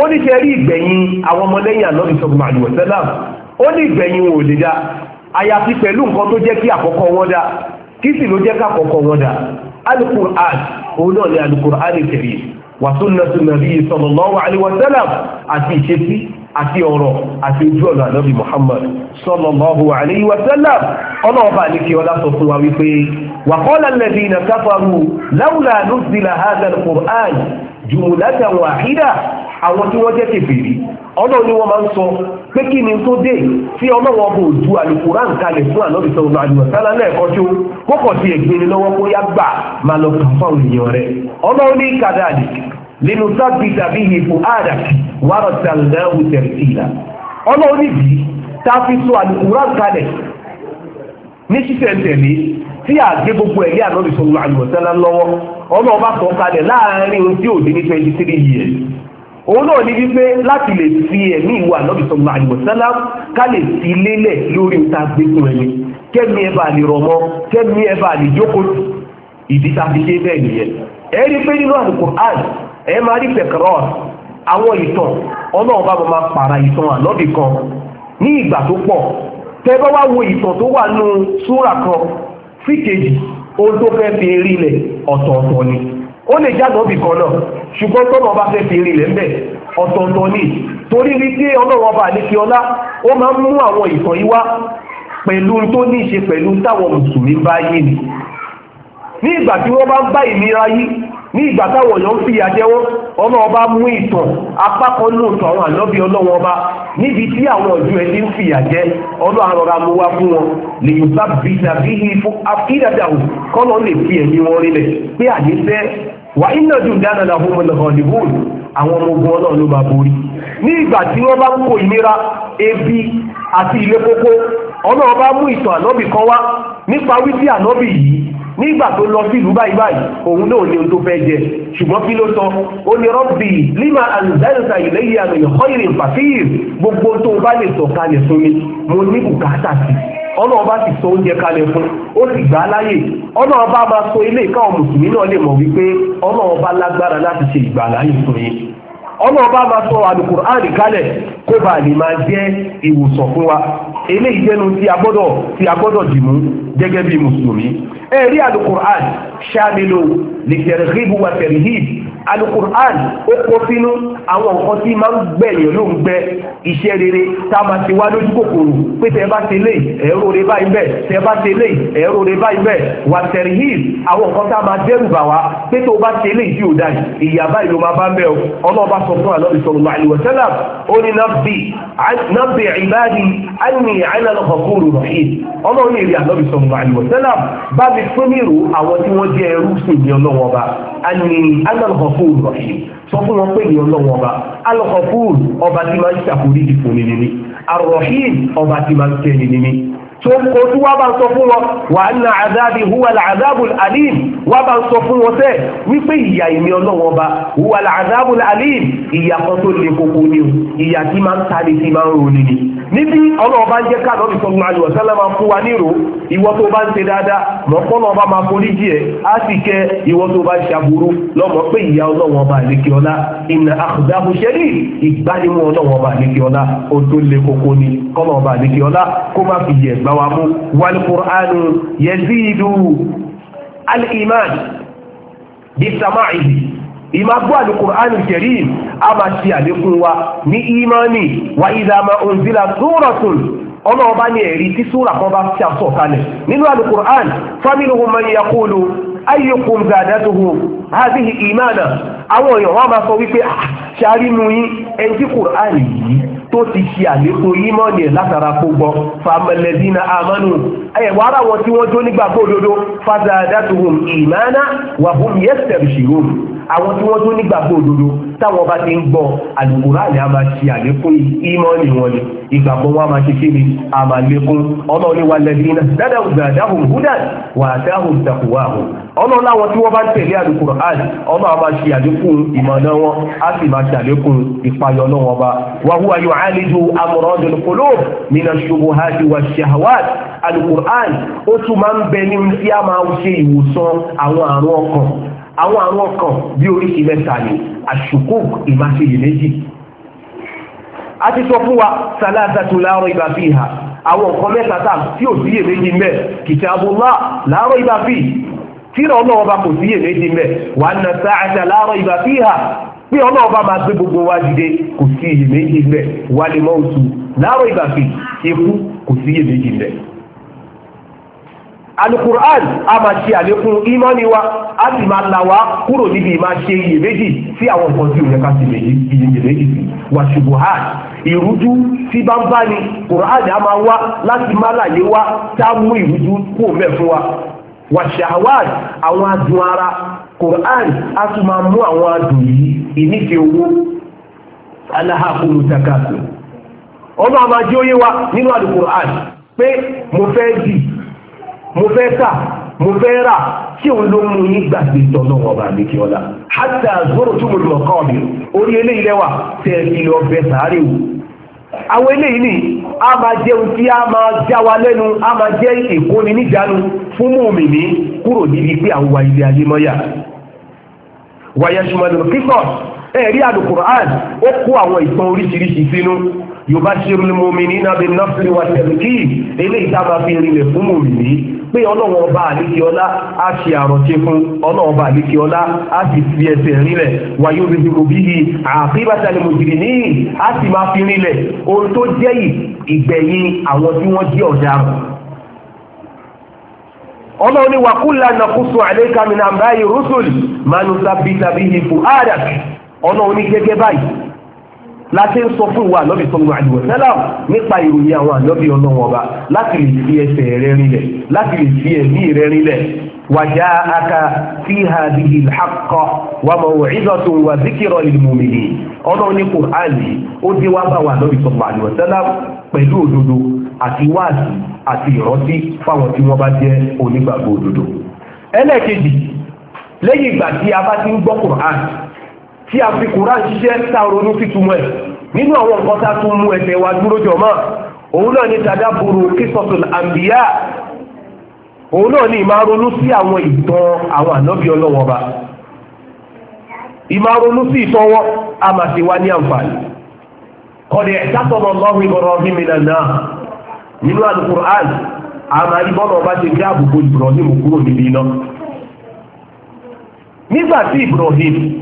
Speaker 1: ó ní ṣe rí ìgbẹ̀yìn àwọn ọmọlẹ́yìn ànábì sọ̀gbọ̀n àdìwọ̀sẹ́lá ó ní ìgbẹ̀yìn wọn ò lè dá àyàfi pẹ̀lú nǹkan tó jẹ́ kí àkọ́kọ́ wọn dá kí sì ló jẹ́ kákọ́kọ́ wọn dá alukur'an òun náà ni alukur'an kẹrì wà sunnatu nabi sallallahu alaihi wasallam àti ìṣesí àti ọ̀rọ̀ àti ojú ọ̀nà ànábì muhammad sallallahu alaihi wasallam ọlọ́ọ̀bá jùmùlátà wàhídà àwọn tí wọ́n jẹ́ kèfèrí ọlọ́run ni wọ́n máa ń sọ pé kí ni tó dé tí ọlọ́run ọbọ̀ òdu àlùkùrán kalẹ̀ fún ànábì sọ̀rọ̀ àlùmọ̀sálá lẹ́ẹ̀kan tó kókọ̀ sí ẹ̀gbin ni lọ́wọ́ kó yá gbà máa lọ kà fáwọn èèyàn rẹ̀ ọlọ́run ní kàdáàdì nínú sábì tàbí ìbò àdàkì wàrọ̀ sàlẹ̀dáwù tẹ̀síìlà ọlọ́run níbi tá a fi sọ àlùkùrán kalẹ̀ ní ṣísẹ̀ntẹ̀lé tí àgbé gbogbo ẹ̀lẹ́ ànábì sọ̀rọ̀ àlùmọ̀sálá lọ́wọ́ ọba sọ kalẹ̀ láàárín ojú òde ní 23 years òun náà ní wípé láti lè fi ẹ̀mí ìwà lọ́bì sọ̀rọ̀ àìwọ̀sálá ká lè lélẹ̀ lórí gbẹ́kùn ẹni ẹ bá lè rọ̀mọ́ kẹ́mi ẹ bá lè jókòó ìdí ta ṣe bẹ́ẹ̀ nìyẹn ẹ rí pé nínú Al-Qur'an ẹ máa rí àwọn ìtàn máa ìtàn àlọ́bì kan ní ìgbà tó pọ̀ wo ìtàn tó wà nù súrà kan ohun tó fẹ́ fi rí lẹ̀ ọ̀tọ̀ọ̀tọ̀ ni ó lè jáde ọ́bì kan náà ṣùgbọ́n tọ́nà bá fẹ́ fi rí lẹ̀ ńbẹ̀ ọ̀tọ̀ọ̀tọ̀ ni torí wípé ọlọ́run ọba àlékí ọlá ó máa ń mú àwọn ìtàn yìí wá pẹ̀lú tó ní í pẹ̀lú táwọn mùsùlùmí bá yé ni ní ìgbà tí wọ́n bá ń bá ìnira yìí ní ìgbà táwọn èèyàn ń fi àjẹwọ́ ọlọ́ọba mú ìtàn apákan lóòótọ́ àwọn ànábì ọlọ́wọ́n ọba níbi tí àwọn ọ̀dọ́ ẹni ń fi àjẹ ọlọ́ọ̀rọ̀ra mú wá fún wọn lè bá bìtàbí ìfún afídàdàwò kọ́nà lè fi ẹ̀mí wọn rinlẹ̀ pé àyè fẹ́ wà iná jù dáná náà fún ọmọ ọdìbòn àwọn ọmọ ogun ọlọ́run ló máa borí ní ìgbà tí wọ́n bá kó ìnira ebi àti ilé kókó ọlọ́run bá mú ìtàn ànábì kan wá nípa wípé ànábì yìí nígbà tó lọ sí ìlú báyìí báyìí òun náà ní ohun tó fẹ́ jẹ ṣùgbọ́n kí ló sọ ó ní rọ́bì lima alzalza ìlẹ́yìn àmì ìkọ́ ìrìn fàfíìr gbogbo tó bá lè sọ̀kalẹ̀ sómi mo ní bùkátà sí i ọba ti sọ oúnjẹ kalẹ̀ fún ó sì gbà á láyè ọba máa sọ ilé ìkáwọn mùsùlùmí náà lè mọ̀ wípé ọlọ́ọ̀bá lágbára láti ṣe ìgbà láyè fún yín máa sọ àlùkùránì kalẹ̀ kó bá lè máa jẹ́ ìwòsàn fún wa eléyìí jẹ́nu tí a gbọ́dọ̀ tí a gbọ́dọ̀ dì mú gẹ́gẹ́ bí mùsùlùmí ẹ̀rí alukur'an ó kó sínú àwọn nǹkan tí máa ń gbẹ̀yìn ló ń gbẹ iṣẹ́ rere tá a máa ti wá lójú kòkòrò pé tẹ bá ti lè ẹ̀rọ rẹ báyìí bẹ́ẹ̀ tẹ bá ti lè ẹ̀rọ rẹ báyìí bẹ́ẹ̀ wà tẹ̀rí yìí àwọn nǹkan tá a máa dẹ́rù bà wá pé tó bá ti lè yí òdà ìyá báyìí ló máa bá ń bẹ́ ọ ọlọ́run bá mi fún nírò àwọn tí wọ́n jẹ́ ẹrú sèmi ọlọ́wọ́ ọba alọ́kọ̀fúùl rọ̀hìn sọ fún wọn pé ìyọ́ lọ́wọ́ ọba alọ́kọ̀fúùl ọba tí máa ń ṣàforíjì fún ni nínú arọ̀hìn ọba tí máa ń kẹ́ni nínú tó ń kojú wá bá ń sọ fún wọn wà á na àdábì huwa làdábù alim wá bá ń sọ fún wọn sẹ wípé ìyà ìmí ọlọ́wọ́ bá huwa làdábù alim ìyà kan tó le koko ni o ìyà tí máa ń tani tí máa ń ro nìyí. níbi ọlọ́wọ́ bá ń jẹ́ ká lọ́bì sọ́nù àlùwọ̀ sálá máa fún wa nírò ìwọ tó bá ń ṣe dáadáa mọ̀ kọ́nà ọba máa forí jì ẹ́ á sì kẹ ìwọ tó bá ń ṣàbúrú lọ́mọ pé ìyà bá wa mú wal-Qur'anu yazidu al-iman bí samáìlì ìmàgbọ́ al-Qur'anu al-Karim a máa ṣe àlékún wa ní imani wa idha ma unzila suratun ọmọ ọba ní ẹ̀rí tí súra kan bá fi nínú al-Qur'an faminhum man yaqulu ayyukum zadatuhu hadhihi imana àwọn èèyàn wọn máa sọ wípé ah, ṣàrínú yín ẹni tí Qur'an yìí tó ti ṣe àlékún ìmọ̀ni ẹ̀ látara kó gbọ́ fàmẹ́lẹ́dínà àmánù ẹ̀wọ̀ ara wọn tí wọ́n tó nígbàgbọ́ òdodo fàdàdàtùhùn ìmáná wàhùn yẹ́sẹ̀rì ṣìrùn àwọn tí wọ́n tó nígbàgbọ́ òdodo táwọn bá ti ń gbọ́ àlùkùránì a máa ṣe àlékún ìmọ̀ọ́nì wọn ni ìgbàgbọ́ wọn a máa ṣe kéde a máa lékún ọlọ́ọ̀ni wa lẹ́dínà dáadáa gbàdáhùn húdà wà dáhùn tàkùwàhùn ọlọ́ọ̀ni àwọn tí wọ́n bá ń tẹ̀lé àlùkùránì ọlọ́ a máa ṣe àlékún ìmọ̀ọ́nà wọn a sì máa ṣe àlékún ìpayọ̀ lọ́wọ́ bá wàhùwà yóò álejò wa shahawat alukur'an ó tún máa ń bẹ ní tí a máa ń ṣe ìwòsàn àwọn àrùn ọkàn àwọn àwọn kan bí oríṣi mẹ́ta ni àṣùkò ìmáṣeyè méjì a ti sọ fún wa sàlásàtò láàárọ̀ ìgbà fi hà àwọn nǹkan mẹ́ta tá tí ò síyè méjì mẹ́ kitabullah láàárọ̀ ìgbà fi tíra ọlọ́wọ́ bá kò síyè méjì mẹ́ wà á na sáàtà láàárọ̀ ìgbà fi hà pé ọlọ́wọ́ bá máa gbé gbogbo wa dìde kò síyè méjì mẹ́ wà lè mọ́ òtù ìgbà fi ikú kò síyè méjì mẹ́ alukur'an a máa ṣe àlékún imaniwa a sì máa la wa kúrò níbi ìmáa ṣe iyèméjì sí àwọn nǹkan tí òun ká sì iyèméjì sí wà ṣubú ha ìrújú tí bá ń bá ní kur'an a máa wá láti má láyé wá tá mú ìrújú kó mẹ́ wa wà àwọn adùn ara kur'an a tún máa mú àwọn adùn yìí owó òye wa nínú pé mo fẹ́ dì mo fẹ́ tà mo fẹ́ rà tí òun ló mú yín gbàgbé tọ́nà ọba àdékè ọ̀la hàtà àgbọ̀rọ̀ tó mo lọ kọ́ mi orí eléyìí lẹ́wà tẹ́ ẹ lọ bẹ sàárè wò àwọn eléyìí ni a máa je tí a máa já wa lẹ́nu a máa jẹ́ ìkóni níjàánu fún mùmìnì kúrò níbi pé àwọn wa ilé ayé mọ́yà wàyẹ̀sùmọ̀lù kíkọ̀ ẹ̀rí àlùkùrán ó kó àwọn ìtàn oríṣiríṣi sínú yubashiru al-mu'minina bin-nasri wat-tamkin eléyìí tá a máa fi rinlẹ̀ fún mòmìnì pé ọlọ́wọ́n ọba àlékiọlá á ṣe àròṣe fún ọlọ́wọ́n ọba àlékiọlá á sì fi ẹsẹ̀ rinlẹ̀ wàyó bíbí òbí yìí àkíbàtà ni mòjìrì ní á sì máa fi rinlẹ̀ ohun tó jẹ́ ìgbẹ̀yìn àwọn tí wọ́n jẹ́ ọ̀daràn ọlọ́run ni wàkúlà nàkúsù àlékàmìnà báyìí rúṣùlì mánu sábìtàbí ìfò àdàkì ọlọ́run ní gẹ́gẹ́ báyìí láti ń sọ fún ìwà ànábì sọ́nù àdìwọ̀ sẹ́lám nípa ìròyìn àwọn ànábì ọlọ́wọ́n ọba láti lè fi ẹsẹ̀ rẹ rinlẹ̀ láti lè fi ẹ̀mí rẹ rinlẹ̀ wàjá aka fi hadihi alhaqqa wa maw'izatun wa zikra lil mu'minin ọlọ́run ní kùránì ó dé wá bá wà ànábì sọ́nù àdìwọ̀ sẹ́lám pẹ̀lú òdodo àti wáàsì àti ìrántí fáwọn tí wọ́n bá jẹ́ onígbàgbọ́ òdodo ẹlẹ́ẹ̀kejì lẹ́yìn ìgbà tí a bá ti ń gbọ́ kùránì tí a fi kùrá ṣiṣẹ́ tá a ronú sí túmọ̀ ẹ̀ nínú àwọn nǹkan tá a tún mú ẹsẹ̀ wa dúró jọ mọ́ òun náà ní tadabburu qisasul anbiya òun náà ní ìmáa ronú sí àwọn ìtàn àwọn ànábì ọlọ́wọ́ ba ìmáa ronú sí ìtàn wọn a máa ṣe wá ní àǹfààní kọ̀dẹ̀ ìtàkọ̀mọ̀ ọlọ́run Ibrahim nàná nínú Al-Qur'an àmà ìbọ̀nà ọba ṣe gbé àbùkù Ibrahim kúrò níbi iná nígbà tí Ibrahim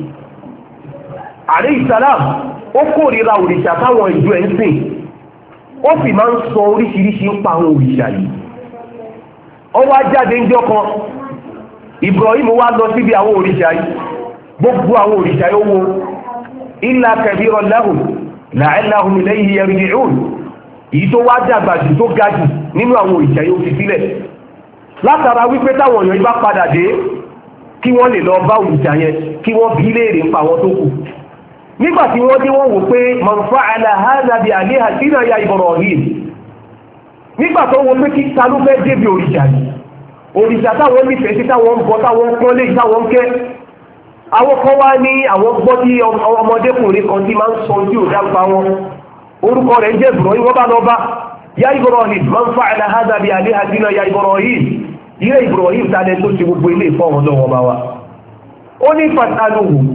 Speaker 1: àrí ìsàlám ó kórìíra òrìṣà táwọn ìjọ ẹ̀ ń sìn ó sì máa ń sọ oríṣiríṣi ń pa àwọn òrìṣà yìí ó wá jáde ń kan wá lọ síbi àwọn òrìṣà yìí gbogbo àwọn òrìṣà yìí ó wo èyí tó wá dàgbà jù tó ga jù nínú àwọn òrìṣà fi sílẹ̀ látara wípé táwọn èèyàn yìí bá padà kí wọ́n lè lọ bá òrìṣà yẹn kí wọ́n bí léèrè ń pa nígbà tí wọ́n dé wọ́n wò pé mọ̀nfà aláhàzàbí àléhà sínú ya Ibrahim nígbà tó wọ́n pé kí ta ló fẹ́ débi òrìṣà yìí òrìṣà táwọn nífẹ̀ẹ́ sí táwọn ń bọ táwọn ń pọ́nlé táwọn ń kẹ́ àwọn kan wá ní àwọn gbọ́ tí ọmọdékùnrin kan ti máa ń sọ tí ò dáńpa wọn orúkọ rẹ̀ ń jẹ́ Ibrahim wọ́n bá lọ bá ya Ibrahim mọ̀nfà aláhàzàbí àléhà sínú ya Ibrahim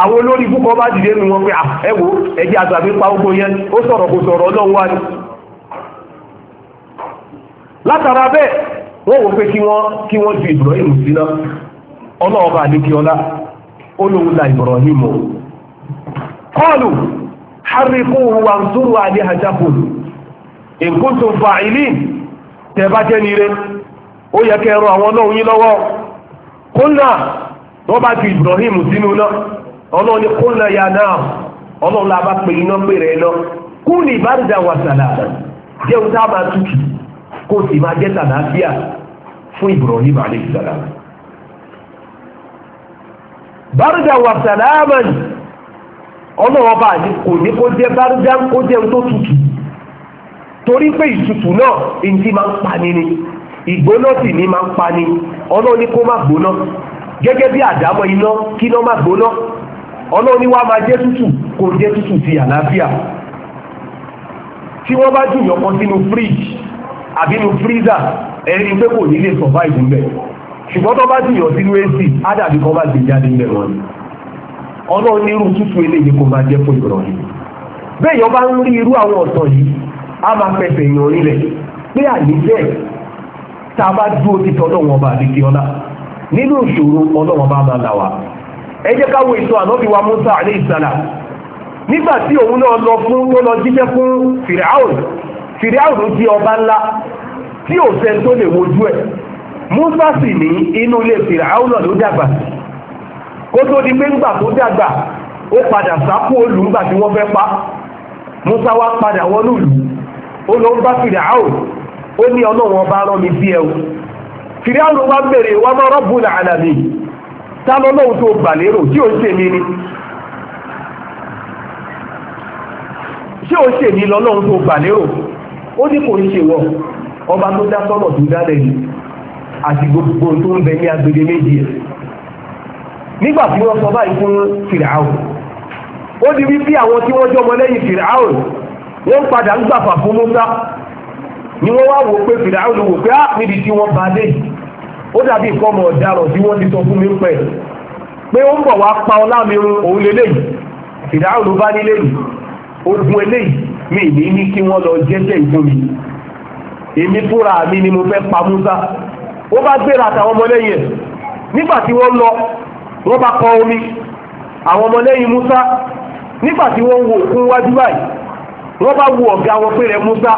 Speaker 1: àwọn olórí púpọ̀ bá dìde nù wọn pé ẹwò ah, ẹjẹ́ àgbàgbé pa ogbó yẹn ó sọ̀rọ̀ kò sọ̀rọ̀ ọlọ́run wá ní látara bẹ́ẹ̀ wọ́n wò pé ju Ibrahim síná ọlọ́ọ̀bá àdékíọlá olóhun la Ibrahim o kọlù harikú wa ń túrú ju ọlọ́run ni kó lọ ya náà ọlọ́run la bá pè iná pèrè ẹ lọ kú ní ìbáraga wà sàlàdà jẹun tá a máa tutù kó o sì máa jẹ sàlàáfíà fún Ibrahim alayhi salam báraga wà sàlàmà ọlọ́run bá kò ní kó jẹ báraga kó jẹun tó tutù torí pé ìtutù náà ìdí máa ń pani ni ìgbóná sì ní máa ń pani ọlọ́run ni kó má gbóná gẹ́gẹ́ bí àdámọ́ iná kí iná má gbóná ọlọ́run ní wá máa jẹ́ tútù kò jẹ́ tútù ti àlàáfíà tí wọ́n bá jùyàn kan sínú fridge àbí inú freezer ẹni pé kò ní lè survive ń bẹ̀ ṣùgbọ́n tó bá jùyàn sínú AC ádàbí kan bá gbé jáde ń bẹ̀ ni ọlọ́run ní irú tútù eléyìí kò máa jẹ́ fún ìrọ̀lẹ́ bẹ́ẹ̀ yọ bá ń rí irú àwọn ọ̀tàn yìí a máa fẹsẹ̀ yàn rílẹ̀ pé àyíjẹ́ tá a bá dúró ti tọ́lọ́wọ́n ọba àdìkíọ́lá nínú ìṣòro ọlọ́wọ́n bá máa là wá ẹ jẹ́ ká wo ìtàn ànábì wa Musa alayhi salam nígbà tí òun náà lọ fún ló lọ jíṣẹ́ fún fìrìáùn fìrìáùn jẹ́ ọba ńlá tí ò sẹ́ni tó lè wojú ẹ̀ Musa sì ní inú ilé fìrìáùn náà ló dàgbà kó tó di pé ńgbà tó dàgbà ó padà sápò olù ńgbà tí wọ́n fẹ́ pa Musa wá padà wọnú ìlú ó lọ bá fìrìáùn ó ní ọlọ́run ọba rán mi sí ẹ o fìrìáùn wá bèrè wá má rabbul alamin ta ló lóhun tó gbà lérò tí ó ṣe mí ni ṣé ó ṣe mí lọ́lọ́hun tó gbà lérò ó ní kò ń ṣe wọ ọba tó dá sọ́nà tó dálẹ̀ yìí àti gbogbo tó ń bẹ ní agbede méjì ẹ̀ nígbà tí wọ́n sọ báyìí fún fìràáwò ó di wípé àwọn tí wọ́n jọmọ lẹ́yìn fìràáwò wọ́n padà ń gbàfà fún Mùsá ni wọ́n wá wò pé fìràáwò wò pé á ah, níbi tí wọ́n bá dé yìí ó dàbí ìkọmọ ọ̀daràn tí wọ́n ti sọ fún mi pẹ̀ pé ó ń bọ̀ wá pa ọlá mi run òun lélẹ́yìí fìdáhùn ló bá nílé yìí ogun eléyìí mi ní ní kí wọ́n lọ jẹ́jẹ́ ìfún mi èmi fúnra mi ni mo fẹ́ pa Musa ó bá gbéra àtàwọn ọmọlẹ́yìn ẹ̀ nígbà tí wọ́n lọ wọ́n bá kọ omi àwọn ọmọlẹ́yìn Musa nígbà tí wọ́n wo òkun wájú báyìí wọ́n bá wo ọ̀gá wọn pé rẹ̀ Musa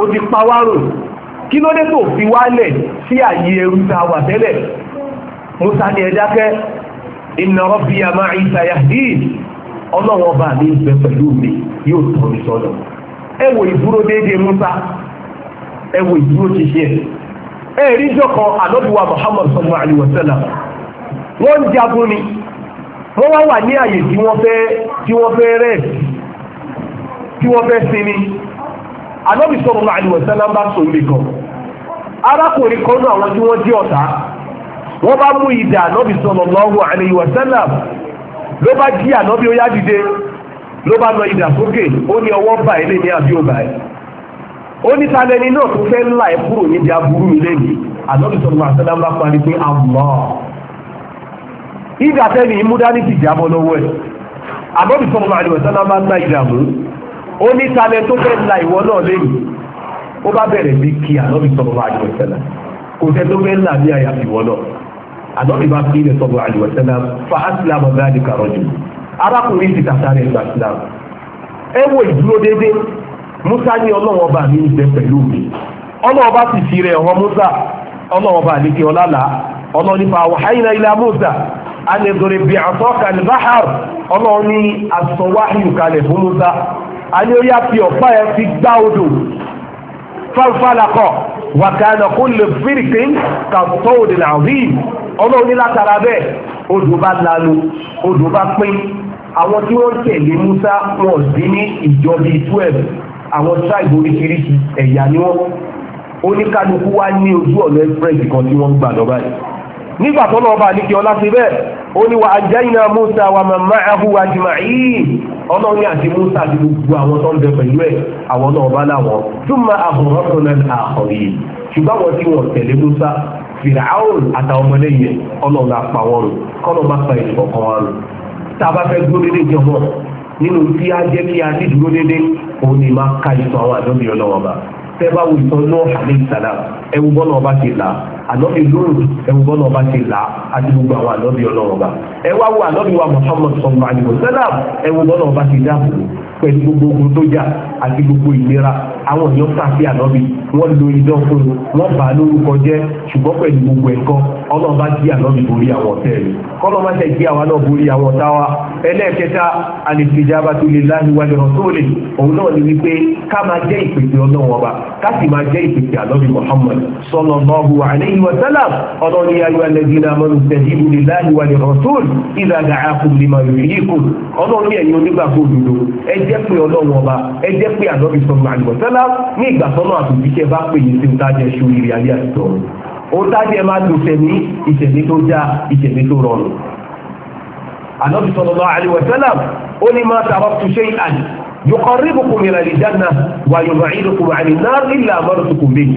Speaker 1: ó ti pa wá kí ló dé tó fi wálẹ̀ sí àyè ẹrú ta wà tẹ́lẹ̀ musa ní ẹ dákẹ́ inna rabbiya ma'i sayahdin ọlọ́wọ́ bá mi bẹ pẹ̀lú mi yóò tọ́ mi sọ́nà ẹ wo ìdúró déédéé musa ẹ wo ìdúró ṣiṣẹ́ ẹ rí jọkọ àlọ́dúnwà muhammad sallallahu alaihi wasallam wọ́n ń jagun ni wọ́n wá wà ní àyè tí wọ́n fẹ́ rẹ̀ tí wọ́n fẹ́ sinmi ànábì sọ̀rọ̀ àdìwọ̀sẹ́ náà bá sọ ilé kan arákùnrin kan náà àwọn tí wọ́n jẹ́ ọ̀tá wọ́n bá mú ìdá ànábì sallallahu alayhi wa sallam ló bá jí ànábì ó yá dìde ló bá lọ ìdá sókè ó ní ọwọ́ bá ilé ní àbí ọba ẹ̀ ó ní talẹ́ni náà tó fẹ́ ńlá ẹ̀ kúrò níbi aburú mi lẹ́yìn ànábì sallallahu alayhi wa sallam bá parí pé Allah ìdá tẹ́ni ìmúdání ti jábọ́ lọ́wọ́ ẹ̀ ànábì sallallahu alayhi wa sallam bá ná ìdá mú ó ní talẹ̀ tó fẹ́ la ìwọ náà lẹ́yìn ó bá bẹ̀rẹ̀ bí kí ànábì sọ̀rọ̀ àjọ̀sẹ́lá kò tẹ́ tó fẹ́ là ní àyàfi ìwọ náà ànábì bá fi ilẹ̀ sọ̀rọ̀ àjọ̀sẹ́lá fa asilam abẹ́adì kàrọ́jù arákùnrin ti ẹ wo ìdúró déédéé musa ní ọlọ́wọ́ bá mi pẹ̀lú mi ọlọ́wọ́ bá musa ọlọ́wọ́ bá kí àní orí àfi ọ̀pá ẹ̀ fi gbá odò fáfálakọ̀ wàkàna kó lè fírìkì kàtó òdì làwí ọlọ́run ní látara bẹ́ẹ̀ odò bá lanu odò bá pín àwọn tí wọ́n tẹ̀lé Musa wọn sí ní ìjọ bíi twelve àwọn tribe oríṣiríṣi ẹ̀yà ni wọ́n oníkálukú wá ní ojú ọ̀nà express kan tí wọ́n gbà lọ báyìí nígbà tó lọ́ọ́ bá àlékè ọlá ṣe bẹ́ẹ̀ ó ní wa anjayna Musa wa man ma'ahu ajma'in ọlọ́run ní àti Musa àti gbogbo àwọn tó ń bẹ pẹ̀lú ẹ̀ àwọn náà bá láwọn thumma aghraqna al-akharin ṣùgbọ́n àwọn tí wọ́n tẹ̀lé Musa Fir'aun àtàwọn ọmọlẹ́yìn ọlọ́run apá wọn rò kọ́nà má pa ìṣọ̀ kan wọn rò tá a bá fẹ́ dúró dédé tẹ́bá wo ìtàn náà alayhi salam ẹ̀wù bọ́lá ọba ti là ànábì lóòrù ẹ̀wù bọ́lá ọba ti là àti gbogbo àwọn ànábì ọlọ́run ọba ẹ̀wà wo ànábì wa Muhammad sallallahu alaihi wasallam ẹ̀wù bọ́lá ọba ti dáàbò pẹ̀lú gbogbo ogun tó jà àti gbogbo ìlera àwọn èèyàn pàṣẹ ànábì wọ́n lo idán fún un wọ́n bà á lórúkọ jẹ́ ṣùgbọ́n pẹ̀lú gbogbo ẹ̀kọ́ ọlọ́run bá jí ànábì borí àwọn ọ̀tẹ̀ rẹ̀ kọ́lọ́ má jí àwa náà borí àwọn ọ̀tá wa ẹlẹ́ẹ̀kẹta al-istijabatu lillahi wa lirasuli òun náà ni wípé ká máa jẹ́ ìpèsè ọlọ́run ọba ká sì máa jẹ́ ìpèsè ànábì Muhammad sallallahu alayhi wa sallam ọlọ́run ya ayyuha alladhina amanu istajibu lillahi wa lirasuli idha da'akum lima yuhyikum ọlọ́run ẹ̀yin onígbàgbọ́ òdodo ẹ jẹ́ pé ọlọ́run ọba ẹ jẹ́ pé ànábì sọ̀rọ̀ àlùbọ̀sẹ́lá ní ìgbà sọ́nà àtòjíṣẹ́ bá pè ní sí ìtajà ẹ̀ṣọ́ ìrìn ayé àtìtọ́ ó dájẹ́ máa dùn sẹ̀mí ìṣẹ̀mí tó já ìṣẹ̀mí tó rọrùn ànábì sallallahu alaihi wa sallam ó ní máa taraktu shay'an yuqarribukum ila al-janna wa yub'idukum 'ani an-nar illa amartukum bihi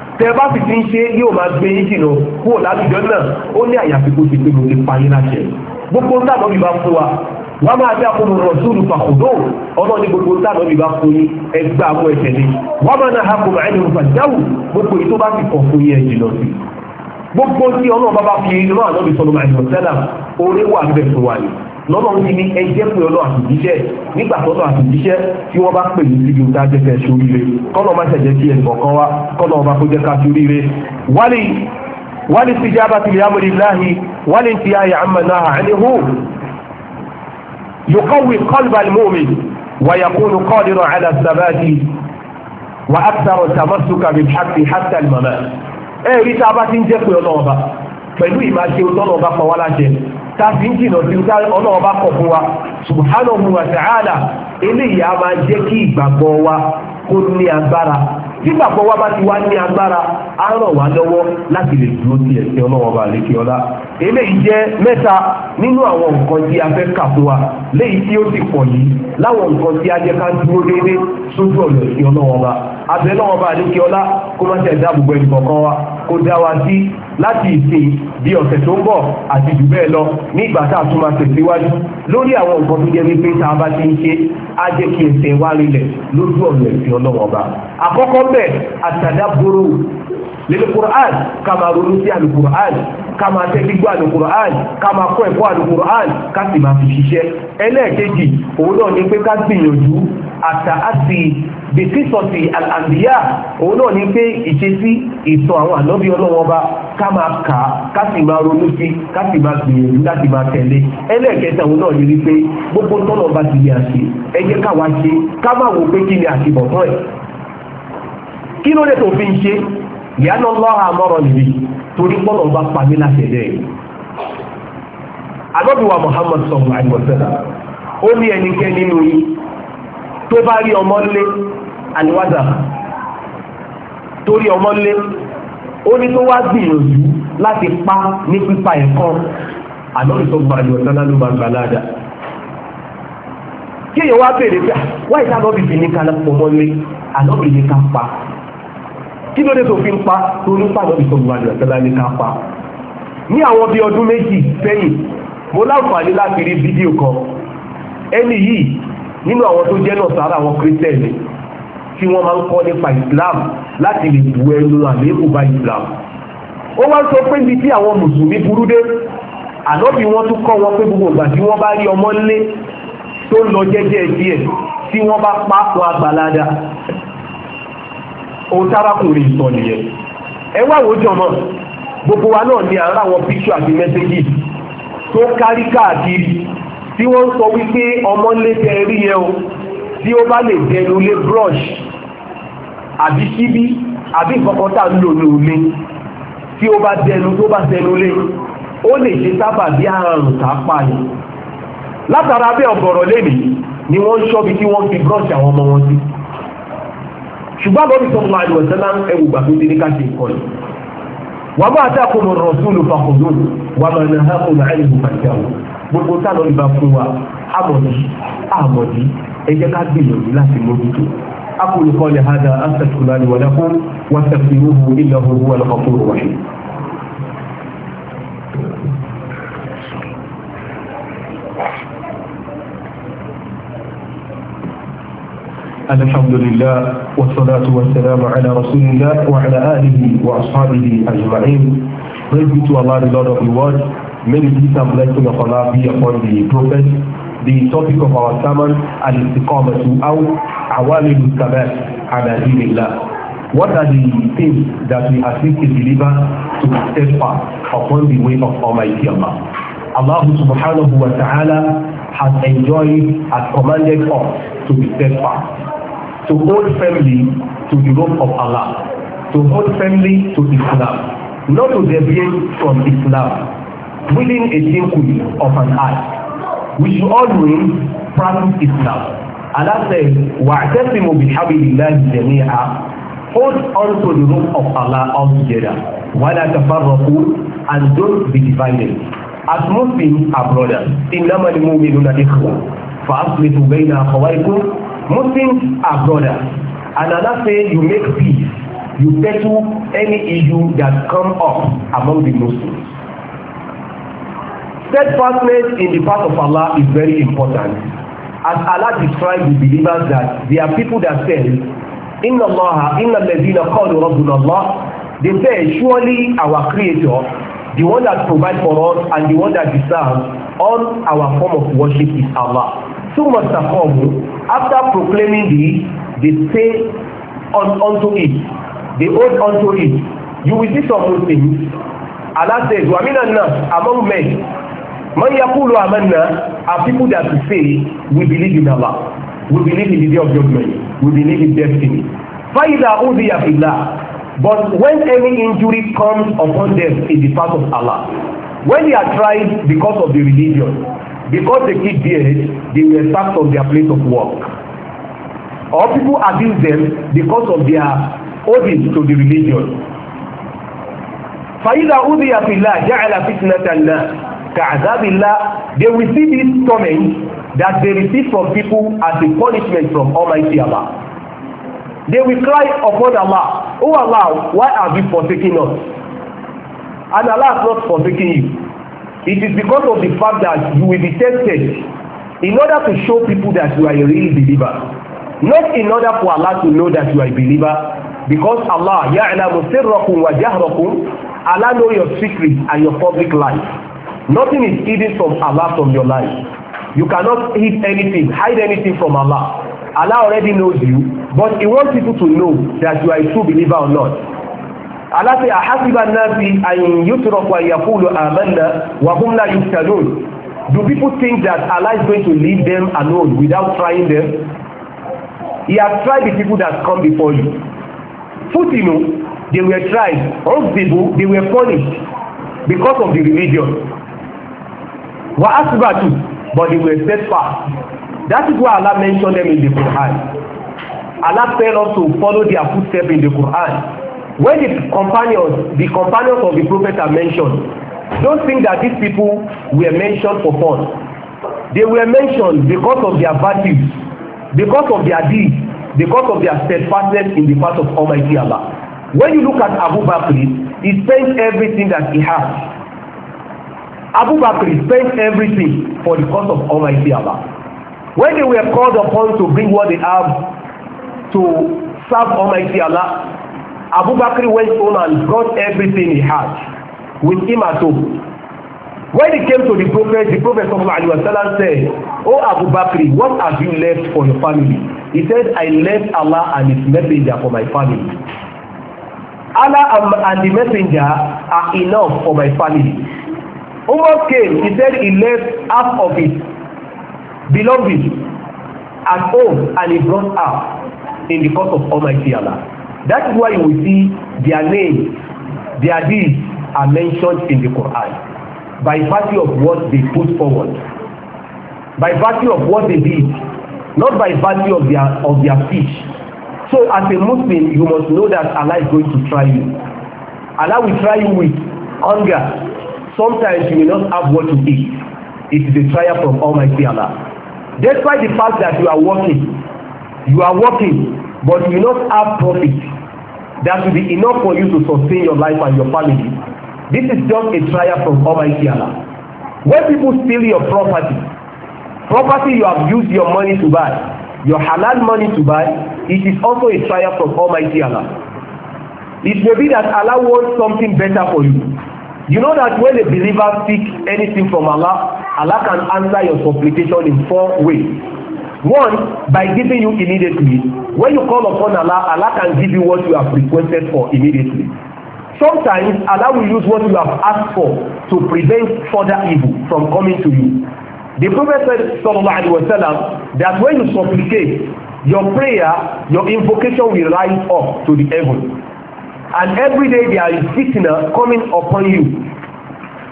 Speaker 1: tẹ bá sì ti ń ṣe yóò máa gbé yín jìnà kúrò lábìjọ náà ó ní àyàfi kó ti pé mo lè pa yín láṣẹ gbogbo ń tàbí bá fún wa wọ́n máa bí akọ̀mọ̀ rọ̀súlù fàkùdó ọmọ ní gbogbo táàmù ìbá fún yín ẹgbẹ́ àwọn ẹ̀ṣẹ̀ ni wọ́n máa náà hakùnmọ̀ ẹni rúfà jáwù gbogbo èyí tó bá ti kàn fún yín ẹ̀jìn lọ sí gbogbo tí ọlọ́run bá fi irú ànábì sọ̀rọ̀ lọ́lọ́run ti ní ẹjẹ́ pé ọlọ́ àtìjíṣẹ́ nígbà tọ́lọ́ àtìjíṣẹ́ tí wọ́n bá pè ní síbi òta jẹ́fẹ́ sóríire kọ́lọ́ má ṣẹ̀jẹ̀ kí ẹnì kọ̀ọ̀kan wá kọ́lọ́ ọba kó jẹ́ ká sóríire wálé wálé sí jábá ti lè amúlé láhi wálé ti ayé àmàna àní hù yòókọ́wé kọ́lbàlì mọ́mi wàyàkúnú kọ́ọ̀dìrọ̀ àdàsàbàdì wà á tàbí ń jìnà sí ọlọ́wọ́ bá kọ̀ fún wa subhanahu wa ta'ala eléyìí a máa jẹ́ kí ìgbàgbọ́ wa kó ní agbára tí ìgbàgbọ́ wa bá ti wá ní agbára á ràn wá lọ́wọ́ láti lè dúró sí ẹ̀sìn ọlọ́wọ́ bá lékè ọlá eléyìí jẹ́ mẹ́ta nínú àwọn nǹkan tí a fẹ́ kà fún wa léyìí tí ó ti pọ̀ yìí láwọn nǹkan tí a jẹ́ ká dúró déédéé sójú ọ̀nà ẹ̀sìn ọlọ́wọ́ bá abẹ́ lọ́wọ́ bá lékè ọlá kó má ṣe dáàbò kó dá wa sí láti ìsìn bí ọ̀sẹ̀ tó ń bọ̀ àti jù bẹ́ẹ̀ lọ ní ìgbà tá a tún máa tẹ̀síwájú lórí àwọn nǹkan tó jẹ́ wípé tá a bá ti ń ṣe á jẹ́ kí ẹsẹ̀ wá rinlẹ̀ lójú ọ̀nà ẹ̀sìn ọlọ́wọ́n ọba. àkọ́kọ́ bẹ́ẹ̀ àtàdábòrò lẹ́nu Qur'an ká máa ronú sí àlù Qur'an ká máa tẹ́tí gbọ́ àlù Qur'an ká máa kọ́ ẹ̀kọ́ àlù Qur'an ká sì máa fi ṣiṣẹ́ ẹlẹ́ẹ̀kejì òun náà ni pé ká gbìyànjú àtà á bí sísọ̀tì àbíyá òun náà ni pé ìṣesí ìtàn àwọn ànábì ọlọ́wọ́n bá ká máa kà á ká sì máa ronú sí ká sì máa gbìyànjú láti máa tẹ̀lé ẹlẹ́ẹ̀kẹta òun náà ni wípé gbogbo tọ́nà bá ti lè àṣe ẹ jẹ́ káwa ṣe ká máa wò pé kí ni àṣebọ̀tán ẹ̀ kí ló lè tó fi ń ṣe ìyáná lọ́ha mọ́rọ̀ nìyí torí pọ́nà bá pa mí láṣẹ bẹ́ẹ̀ ànábìwá Muhammad sọ̀rọ̀ àìmọ̀sẹ̀lá ó ní ẹnikẹ́ni nínú yín tó bá rí ọmọ lé àníwádà torí ọmọ lé ó ní tó wá gbìyànjú láti pa ní pípa ẹ̀kọ́ àlọ́rì tó gba àjọ ìtọ́lá ló máa gbà láàdá kí èèyàn wá béèrè pé wáyé tá lọ́bì fi ní ká lọ́pọ̀ mọ́ lé àlọ́bì ní ká pa kí ló dé tó fi ń pa torí pàlọ́bì tó gba àjọ ìtọ́lá ní ká pa ní àwọn bíi ọdún méjì sẹ́yìn mo láǹfààní láti rí fídíò kan ẹni yìí nínú àwọn tó jẹ́ náà sára àwọn kírísítẹ́nì tí wọ́n máa ń kọ́ nípa Islam láti lè bu ẹnu àléébù bá Islam ó wá sọ pé ibi tí àwọn mùsùlùmí burú dé ànọ́bì wọn tún kọ́ wọn pé gbogbo ìgbà tí wọ́n bá rí ọmọ nlé tó ń lọ jẹ́jẹ́ díẹ̀ tí wọ́n bá pa fún agbàládà ohun tárakùnrin sọ nìyẹn ẹ wá wò jọmọ gbogbo wa náà ni àárá àwọn píṣọ àti mẹsẹgì tó kárí káàkiri tí wọ́n sọ wípé ọmọ nlé tẹ rí yẹn o tí ó bá lè dẹnu lé brush àbí síbí àbí ìfọkọta ń lò lóòlé tí ó bá dẹnu tó bá dẹnu lé ó lè ṣe sábà bí àrùn tá a pààyàn látara bẹ́ẹ̀ ọ̀gọ̀rọ̀ lèmi ni wọ́n ń ṣọ́bi tí wọ́n fi brush àwọn ọmọ wọn sí ṣùgbọ́n lórí sọ́kùnrin àdìwọ̀sẹ́lá ẹ̀wù gbà tó ti ní ká ṣe ìkọlù wàmà àtàkùnrin rọ̀súlù fàkùnú wàmà nàhàkùnrin àìlèkùn o gbogbo táwọn ìbá fún wa àmọ̀dí àmọ̀dí ẹ jẹ́ ká gbìyànjú láti mójútó أقول قولي هذا أستغفر الله ولكم واستغفروه إنه هو الغفور الرحيم الحمد لله والصلاة والسلام على رسول الله وعلى آله وأصحابه أجمعين Praise be to Allah, the Lord of the world. May the peace and blessing of Allah be upon the Prophet, the topic of our sermon and al-istiqamatu aw awamilu sabat ala dinillah what are the things that we assist a believer to be steadfast upon the way of Almighty Allah? Allah subhanahu wa ta'ala has enjoined, has commanded us to be steadfast, to hold firmly to the rope of Allah, to hold firmly to Islam, not to deviate from Islam, willing a thing of an eye we should all always practice Islam Allah says wa'tasimu bihablillahi jami'a hold on to the rope of Allah altogether wala tafarraqu and don't be divided as Muslims are brothers innamal mu'minuna ikhwa fa'aslihu bayna akhawaykum Muslims are brothers and Allah says you make peace you settle any issue that come up among the Muslims steadfastness in the path of Allah is very important. As Allah describes the believers that there are people that say, Inna Allah, Inna Ladina Qalu Rabbuna Allah, they say, surely our Creator, the one that provides for us and the one that deserves all our form of worship is Allah. So must Taqamu, after proclaiming this, they say on, unto it, they hold unto it. You will see some things. Allah says, Wa minan nas, among men, man yaqulu amanna are people that will say we believe in Allah we believe in the day of judgment we believe in destiny fa'idha udhiya fillah but when any injury comes upon them in the part of Allah when they are tried because of the religion because they keep beard they were sacked from their place of work or people abuse them because of their odious to the religion fa'idha udhiya fillah ja'ala fitnatan nas Ka'azabillah, they will see this torment that they receive from people as a punishment from Almighty Allah. They will cry upon Allah, Oh Allah, why have you forsaken us? And Allah has not forsaken you. It is because of the fact that you will be tested in order to show people that you are a real believer. Not in order for Allah to know that you are a believer, because Allah, يَعْلَمُ Wa وَجَهْرَكُمْ Allah know your secret and your public life. Nothing is hidden from Allah from your life. You cannot hid anything, hide anything from Allah. Allah already knows you, but He wants people to know that you are a true believer or not. Allah say, Ahasiba nasi an yutrok wa yakulu amanna wa hum la yuftanun. Do people think that Allah is going to leave them alone without trying them? He has tried the people that come before you. Futinu, they were tried. Old people, they were punished because of the religion. Wa asbatu, but they were steadfast. That is why Allah mentioned them in the Quran. Allah tell us to follow their footsteps in the Quran. When the companions, the companions of the Prophet are mentioned, don't think that these people were mentioned for fun. They were mentioned because of their virtues, because of their deeds, because of their steadfastness in the path of Almighty Allah. When you look at Abu Bakr, he spent everything that he had Abu Bakr spent everything for the cause of Almighty Allah. When they were called upon to bring what they have to serve Almighty Allah, Abu Bakr went home and brought everything he had with him at home. When he came to the prophet, the prophet said, O oh Abu Bakr, what have you left for your family? He said, I left Allah and his messenger for my family. Allah and the messenger are enough for my family. Umar came, he said he left half of his beloved, at home, and he brought up in the cause of Almighty Allah. That is why you will see their names, their deeds are mentioned in the Quran by virtue of what they put forward, by virtue of what they did, not by virtue of their of their speech. So as a Muslim, you must know that Allah is going to try you. Allah will try you with hunger Sometimes you may not have what you eat. It is a trial from Almighty Allah. Despite the fact that you are working, you are working, but you will not have profit that will be enough for you to sustain your life and your family. This is just a trial from Almighty Allah. When people steal your property, property you have used your money to buy, your halal money to buy, it is also a trial from Almighty Allah. It may be that Allah wants something better for you. You know that when a believer seeks anything from Allah, Allah can answer your supplication in four ways. One, by giving you immediately. When you call upon Allah, Allah can give you what you have requested for immediately. Sometimes Allah will use what you have asked for to prevent further evil from coming to you. The Prophet said, sallallahu alaihi wasallam, that when you supplicate, your prayer, your invocation will rise up to the heaven and every day there is sickness coming upon you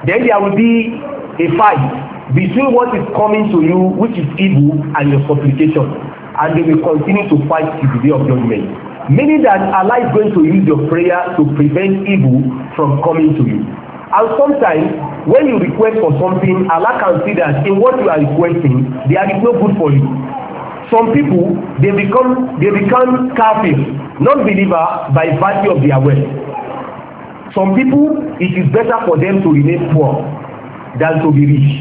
Speaker 1: then there will be a fight between what is coming to you which is evil and your supplication and they will continue to fight till the day of judgment meaning that Allah is going to use your prayer to prevent evil from coming to you and sometimes when you request for something Allah can see that in what you are requesting there is no good for you some people they become they become kafir non-believer by value of their wealth some people it is better for them to remain poor than to be rich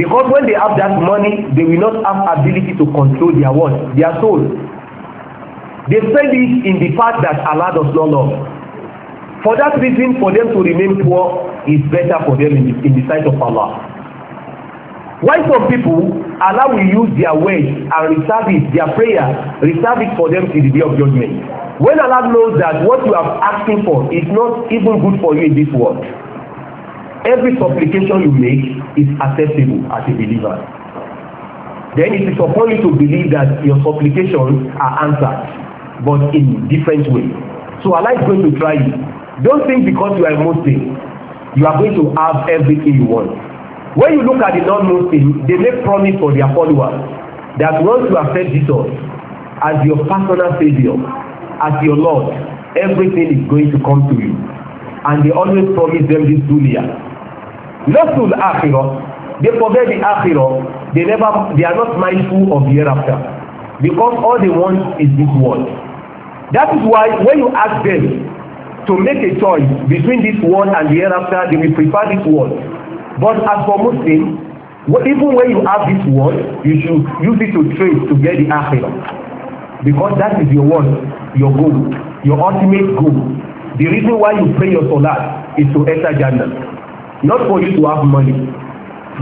Speaker 1: because when they have that money they will not have ability to control their what their soul they spend it in the path that Allah does not love for that reason for them to remain poor is better for them in the, in the sight of Allah Why some people allow we use their way and reserve it, their prayer, reserve it for them till the day of judgment. When Allah knows that what you are asking for is not even good for you in this world, every supplication you make is acceptable as a believer. Then it is upon you to believe that your supplications are answered, but in different ways. So Allah is going to try you. Don't think because you are Muslim, you are going to have everything you want. When you look at the non-Muslims, they make promise for their followers that once you accept Jesus as your personal savior, as your Lord, everything is going to come to you. And they always promise them this dunya. Not to the akhirah, they forget the akhirah, they never, they are not mindful of the hereafter. Because all they want is this world. That is why when you ask them to make a choice between this world and the hereafter, they will prefer this world But as for Muslims, even when you have this word, you should use it to trace to get the akhirah. Because that is your word, your goal, your ultimate goal. The reason why you pray your salat is to enter Jannah, not for you to have money.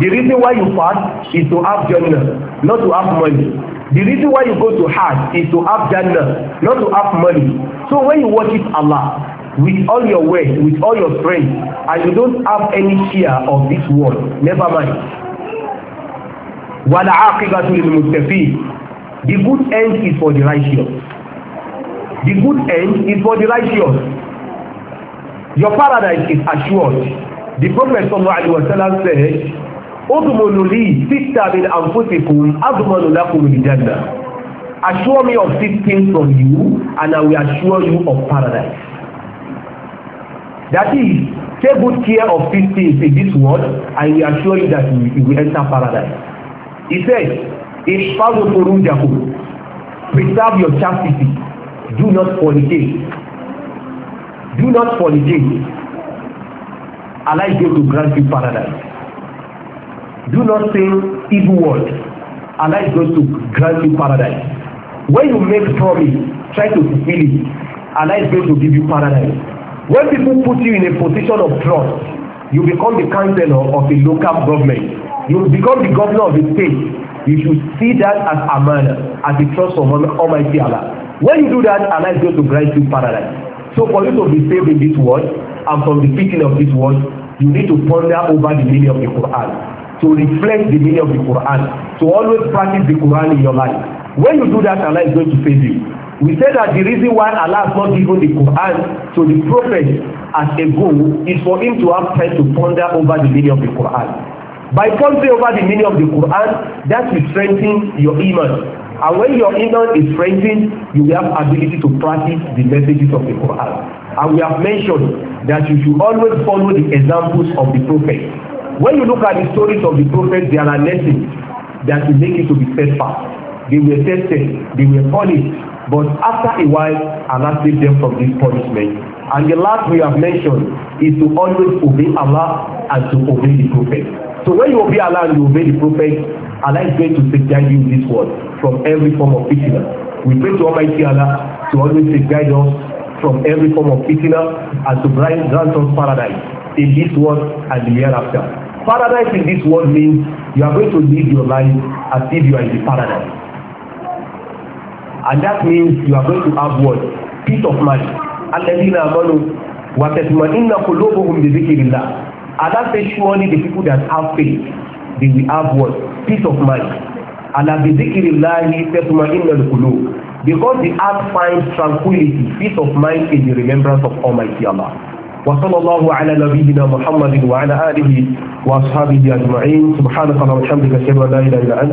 Speaker 1: The reason why you fast is to have Jannah, not to have money. The reason why you go to Hajj is to have Jannah, not to have money. So when you worship Allah, with all your wealth with all your strength and you don't have any fear of this world never mind wàlà àkíkàtú lil muttaqin the good end is for the righteous the good end is for the righteous your paradise is assured the prophet sallallahu alaihi wasallam said udmunu li sitta min anfusikum admanu lakum bil jannah assure me of six things from you and i will assure you of paradise That is, take good care of these things in this world, and we assure you that you, will enter paradise. He said, Ishfaru Furujakum, preserve your chastity, do not fornicate. Do not fornicate. Allah is going to grant you paradise. Do not say evil word. Allah is going to grant you paradise. When you make promise, try to fulfill it. Allah is going to give you paradise. When people put you in a position of trust, you become the councillor of a local government. You become the governor of the state. You should see that as amana, as a trust of Almighty Allah. When you do that, Allah is going to grant you paradise. So for you to be saved in this world and from the fitting of this world, you need to ponder over the meaning of the Quran, to reflect the meaning of the Quran, to always practice the Quran in your life. When you do that, Allah is going to save you. We said that the reason why Allah has not given the Quran to the prophet as a goal is for him to have time to ponder over the meaning of the Quran. By pondering over the meaning of the Quran, that will strengthen your iman. And when your iman is strengthened, you will have ability to practice the messages of the Quran. And we have mentioned that you should always follow the examples of the prophet. When you look at the stories of the prophet, there are lessons that will make you to be steadfast. They were tested, they were punished, but after a while, Allah saved them from this punishment. And the last we have mentioned is to always obey Allah and to obey the Prophet. So when you obey Allah and you obey the Prophet, Allah is going to safeguard you in this world from every form of fitna. We pray to Almighty Allah to always safeguard us from every form of fitna and to grant us paradise in this world and the hereafter. Paradise in this world means you are going to live your life as if you are in the paradise. And that means you are going to have what? Peace of mind. Alladina amanu wa tatma'inna qulubuhum bi dhikrillah. Allah says surely the people that have faith, they will have what? Peace of mind. Ala bi dhikrillah tatma'inna al-qulub. Because the heart finds tranquility, peace of mind in the remembrance of Almighty Allah. وصلى الله على نبينا محمد وعلى آله وأصحابه أجمعين سبحانك اللهم وبحمدك أشهد أن لا إله إلا أنت